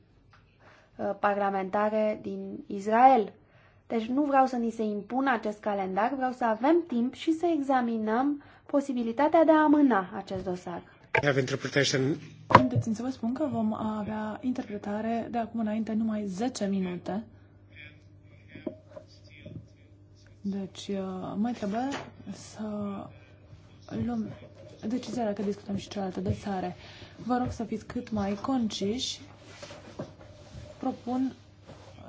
Uh, parlamentare din Israel. Deci nu vreau să ni se impună acest calendar, vreau să avem timp și să examinăm posibilitatea de a amâna acest dosar. Have să vă spun că vom avea interpretare de acum înainte numai 10 minute. Deci uh, mai trebuie să luăm decizia dacă discutăm și cealaltă de Vă rog să fiți cât mai conciși propun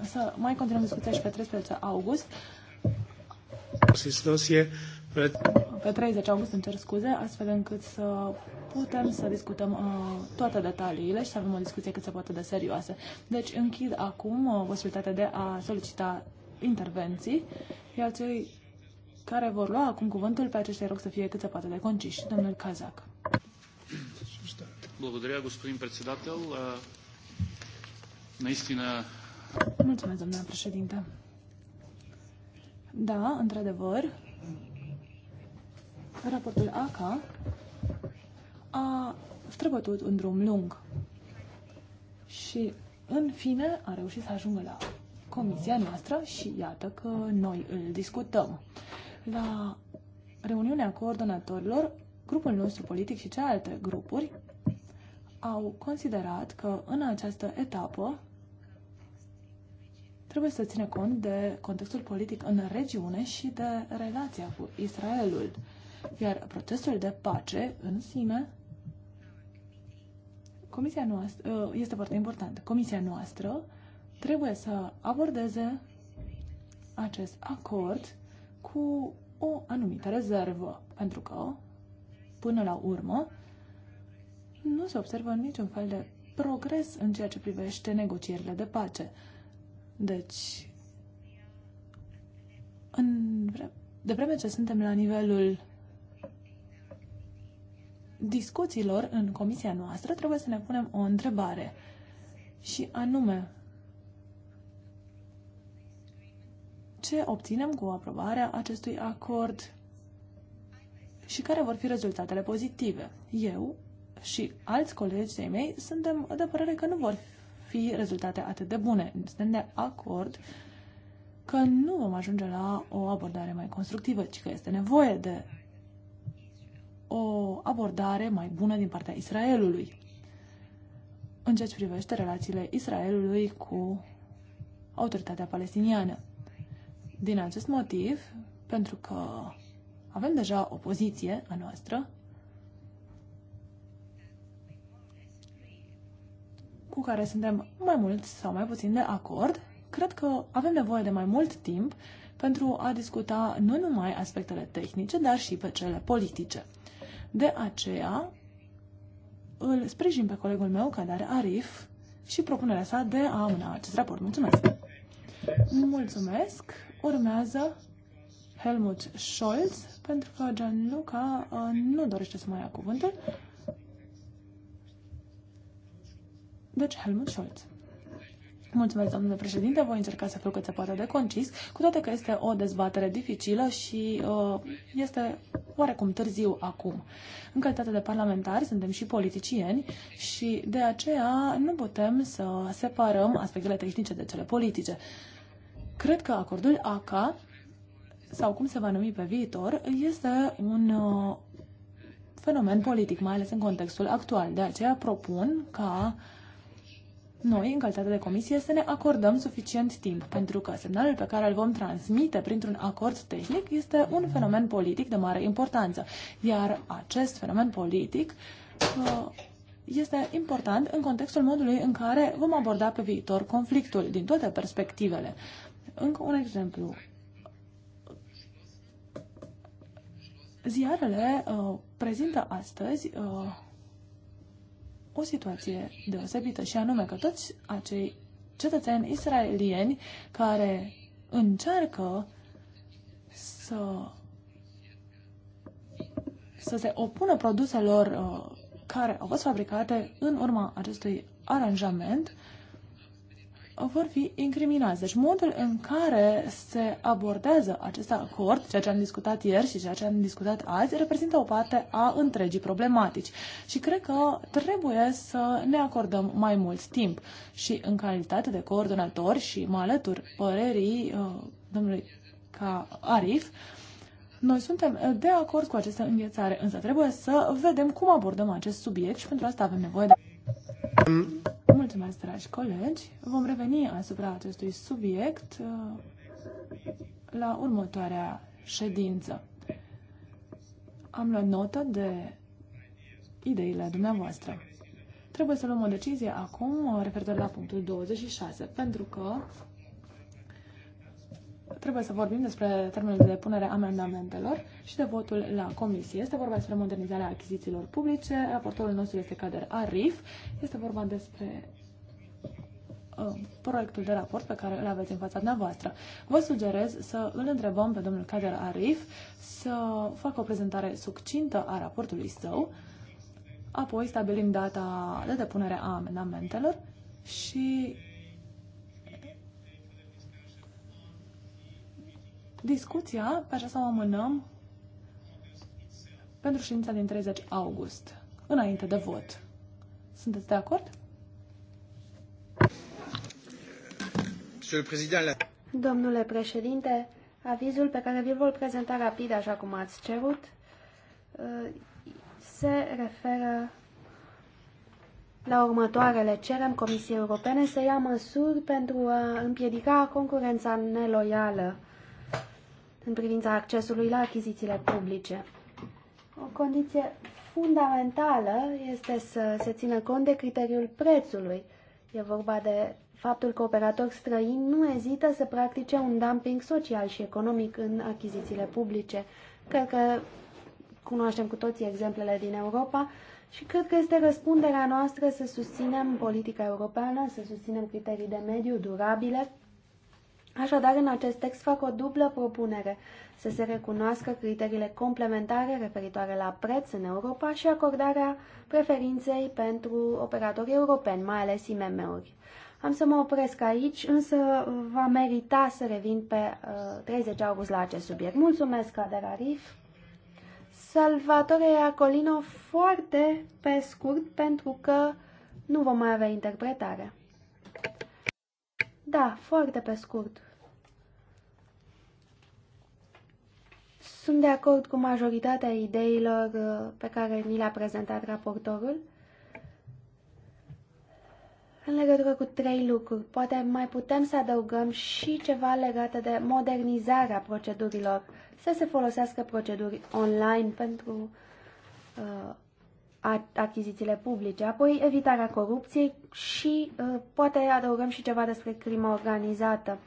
să mai continuăm discuția și pe 13 august. Pe 30 august îmi cer scuze, astfel încât să putem să discutăm uh, toate detaliile și să avem o discuție cât se poate de serioasă. Deci închid acum uh, posibilitatea de a solicita intervenții, iar cei care vor lua acum cuvântul pe aceștia rog să fie cât se poate de conciși. Domnul Cazac. Mulțumesc, domnul președinte. Naistină. Mulțumesc, domnule președinte. Da, într-adevăr, raportul ACA a străbătut un drum lung și, în fine, a reușit să ajungă la comisia noastră și iată că noi îl discutăm. La reuniunea coordonatorilor, grupul nostru politic și celelalte grupuri au considerat că în această etapă trebuie să ține cont de contextul politic în regiune și de relația cu Israelul. Iar procesul de pace în sine, comisia noastră, uh, este foarte important. Comisia noastră trebuie să abordeze acest acord cu o anumită rezervă, pentru că, până la urmă, nu se observă niciun fel de progres în ceea ce privește negocierile de pace. Deci, în, de vreme ce suntem la nivelul discuțiilor în comisia noastră, trebuie să ne punem o întrebare. Și anume, ce obținem cu aprobarea acestui acord și care vor fi rezultatele pozitive. Eu și alți colegi de mei suntem de părere că nu vor fi rezultate atât de bune. Suntem de acord că nu vom ajunge la o abordare mai constructivă, ci că este nevoie de o abordare mai bună din partea Israelului în ceea ce privește relațiile Israelului cu autoritatea palestiniană. Din acest motiv, pentru că avem deja o poziție a noastră, cu care suntem mai mult sau mai puțin de acord, cred că avem nevoie de mai mult timp pentru a discuta nu numai aspectele tehnice, dar și pe cele politice. De aceea, îl sprijin pe colegul meu, Cadar Arif, și propunerea sa de a amâna acest raport. Mulțumesc! Mulțumesc! Urmează Helmut Scholz, pentru că Gianluca uh, nu dorește să mai ia cuvântul. Deci, Helmut Scholz. Mulțumesc, domnule președinte. Voi încerca să fiu cât se poate de concis, cu toate că este o dezbatere dificilă și uh, este oarecum târziu acum. În calitate de parlamentari suntem și politicieni și de aceea nu putem să separăm aspectele tehnice de cele politice. Cred că acordul ACA, sau cum se va numi pe viitor, este un uh, fenomen politic, mai ales în contextul actual. De aceea propun ca uh, noi, în calitate de comisie, să ne acordăm suficient timp, pentru că semnalul pe care îl vom transmite printr-un acord tehnic este un fenomen politic de mare importanță, iar acest fenomen politic uh, este important în contextul modului în care vom aborda pe viitor conflictul din toate perspectivele. Încă un exemplu. Ziarele uh, prezintă astăzi uh, o situație deosebită și anume că toți acei cetățeni israelieni care încearcă să, să se opună produselor uh, care au fost fabricate în urma acestui aranjament vor fi incriminați. Deci modul în care se abordează acest acord, ceea ce am discutat ieri și ceea ce am discutat azi, reprezintă o parte a întregii problematici. Și cred că trebuie să ne acordăm mai mult timp. Și în calitate de coordonator și mă alătur părerii uh, domnului ca Arif, noi suntem de acord cu această înghețare, însă trebuie să vedem cum abordăm acest subiect și pentru asta avem nevoie de... Mulțumesc, dragi colegi. Vom reveni asupra acestui subiect uh, la următoarea ședință. Am luat notă de ideile dumneavoastră. Trebuie să luăm o decizie acum referitor la punctul 26, pentru că trebuie să vorbim despre termenul de depunere a amendamentelor și de votul la comisie. Este vorba despre modernizarea achizițiilor publice. Raportorul nostru este Cader Arif. Este vorba despre uh, proiectul de raport pe care îl aveți în fața dumneavoastră. Vă sugerez să îl întrebăm pe domnul Kader Arif să facă o prezentare succintă a raportului său, apoi stabilim data de depunere a amendamentelor și Discuția pe să o amânăm pentru ședința din 30 august, înainte de vot. Sunteți de acord? Domnule președinte, avizul pe care vi-l vor prezenta rapid, așa cum ați cerut, uh, se referă la următoarele. Cerem Comisiei Europene să ia măsuri pentru a împiedica concurența neloială în privința accesului la achizițiile publice. O condiție fundamentală este să se țină cont de criteriul prețului. E vorba de faptul că operatori străini nu ezită să practice un dumping social și economic în achizițiile publice. Cred că cunoaștem cu toții exemplele din Europa și cred că este răspunderea noastră să susținem politica europeană, să susținem criterii de mediu durabile Așadar, în acest text fac o dublă propunere, să se recunoască criteriile complementare referitoare la preț în Europa și acordarea preferinței pentru operatorii europeni, mai ales IMM-uri. Am să mă opresc aici, însă va merita să revin pe uh, 30 august la acest subiect. Mulțumesc, Ader Arif! Salvatore Iacolino foarte pe scurt pentru că nu vom mai avea interpretare. Da, foarte pe scurt. Sunt de acord cu majoritatea ideilor uh, pe care ni le-a prezentat raportorul. În legătură cu trei lucruri, poate mai putem să adăugăm și ceva legat de modernizarea procedurilor, să se folosească proceduri online pentru uh, achizițiile publice, apoi evitarea corupției și uh, poate adăugăm și ceva despre crimă organizată.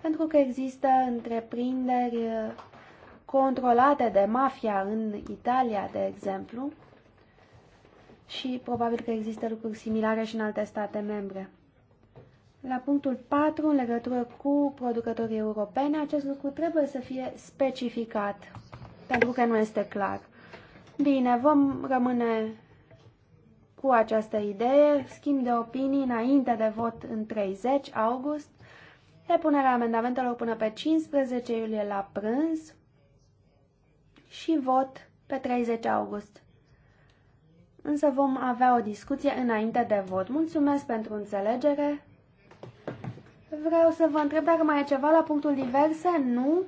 Pentru că există întreprinderi uh, controlate de mafia în Italia, de exemplu, și probabil că există lucruri similare și în alte state membre. La punctul 4, în legătură cu producătorii europeni, acest lucru trebuie să fie specificat, pentru că nu este clar. Bine, vom rămâne cu această idee, schimb de opinii înainte de vot în 30 august, depunerea amendamentelor până pe 15 iulie la prânz și vot pe 30 august. Însă vom avea o discuție înainte de vot. Mulțumesc pentru înțelegere. Vreau să vă întreb dacă mai e ceva la punctul diverse? Nu?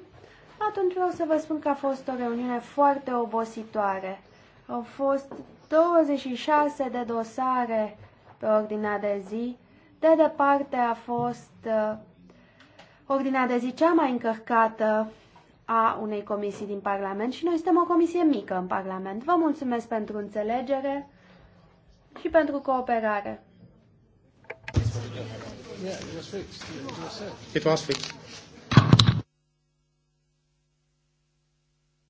atunci vreau să vă spun că a fost o reuniune foarte obositoare. Au fost 26 de dosare pe ordinea de zi. De departe a fost uh, ordinea de zi cea mai încărcată a unei comisii din Parlament și noi suntem o comisie mică în Parlament. Vă mulțumesc pentru înțelegere și pentru cooperare. It was fixed.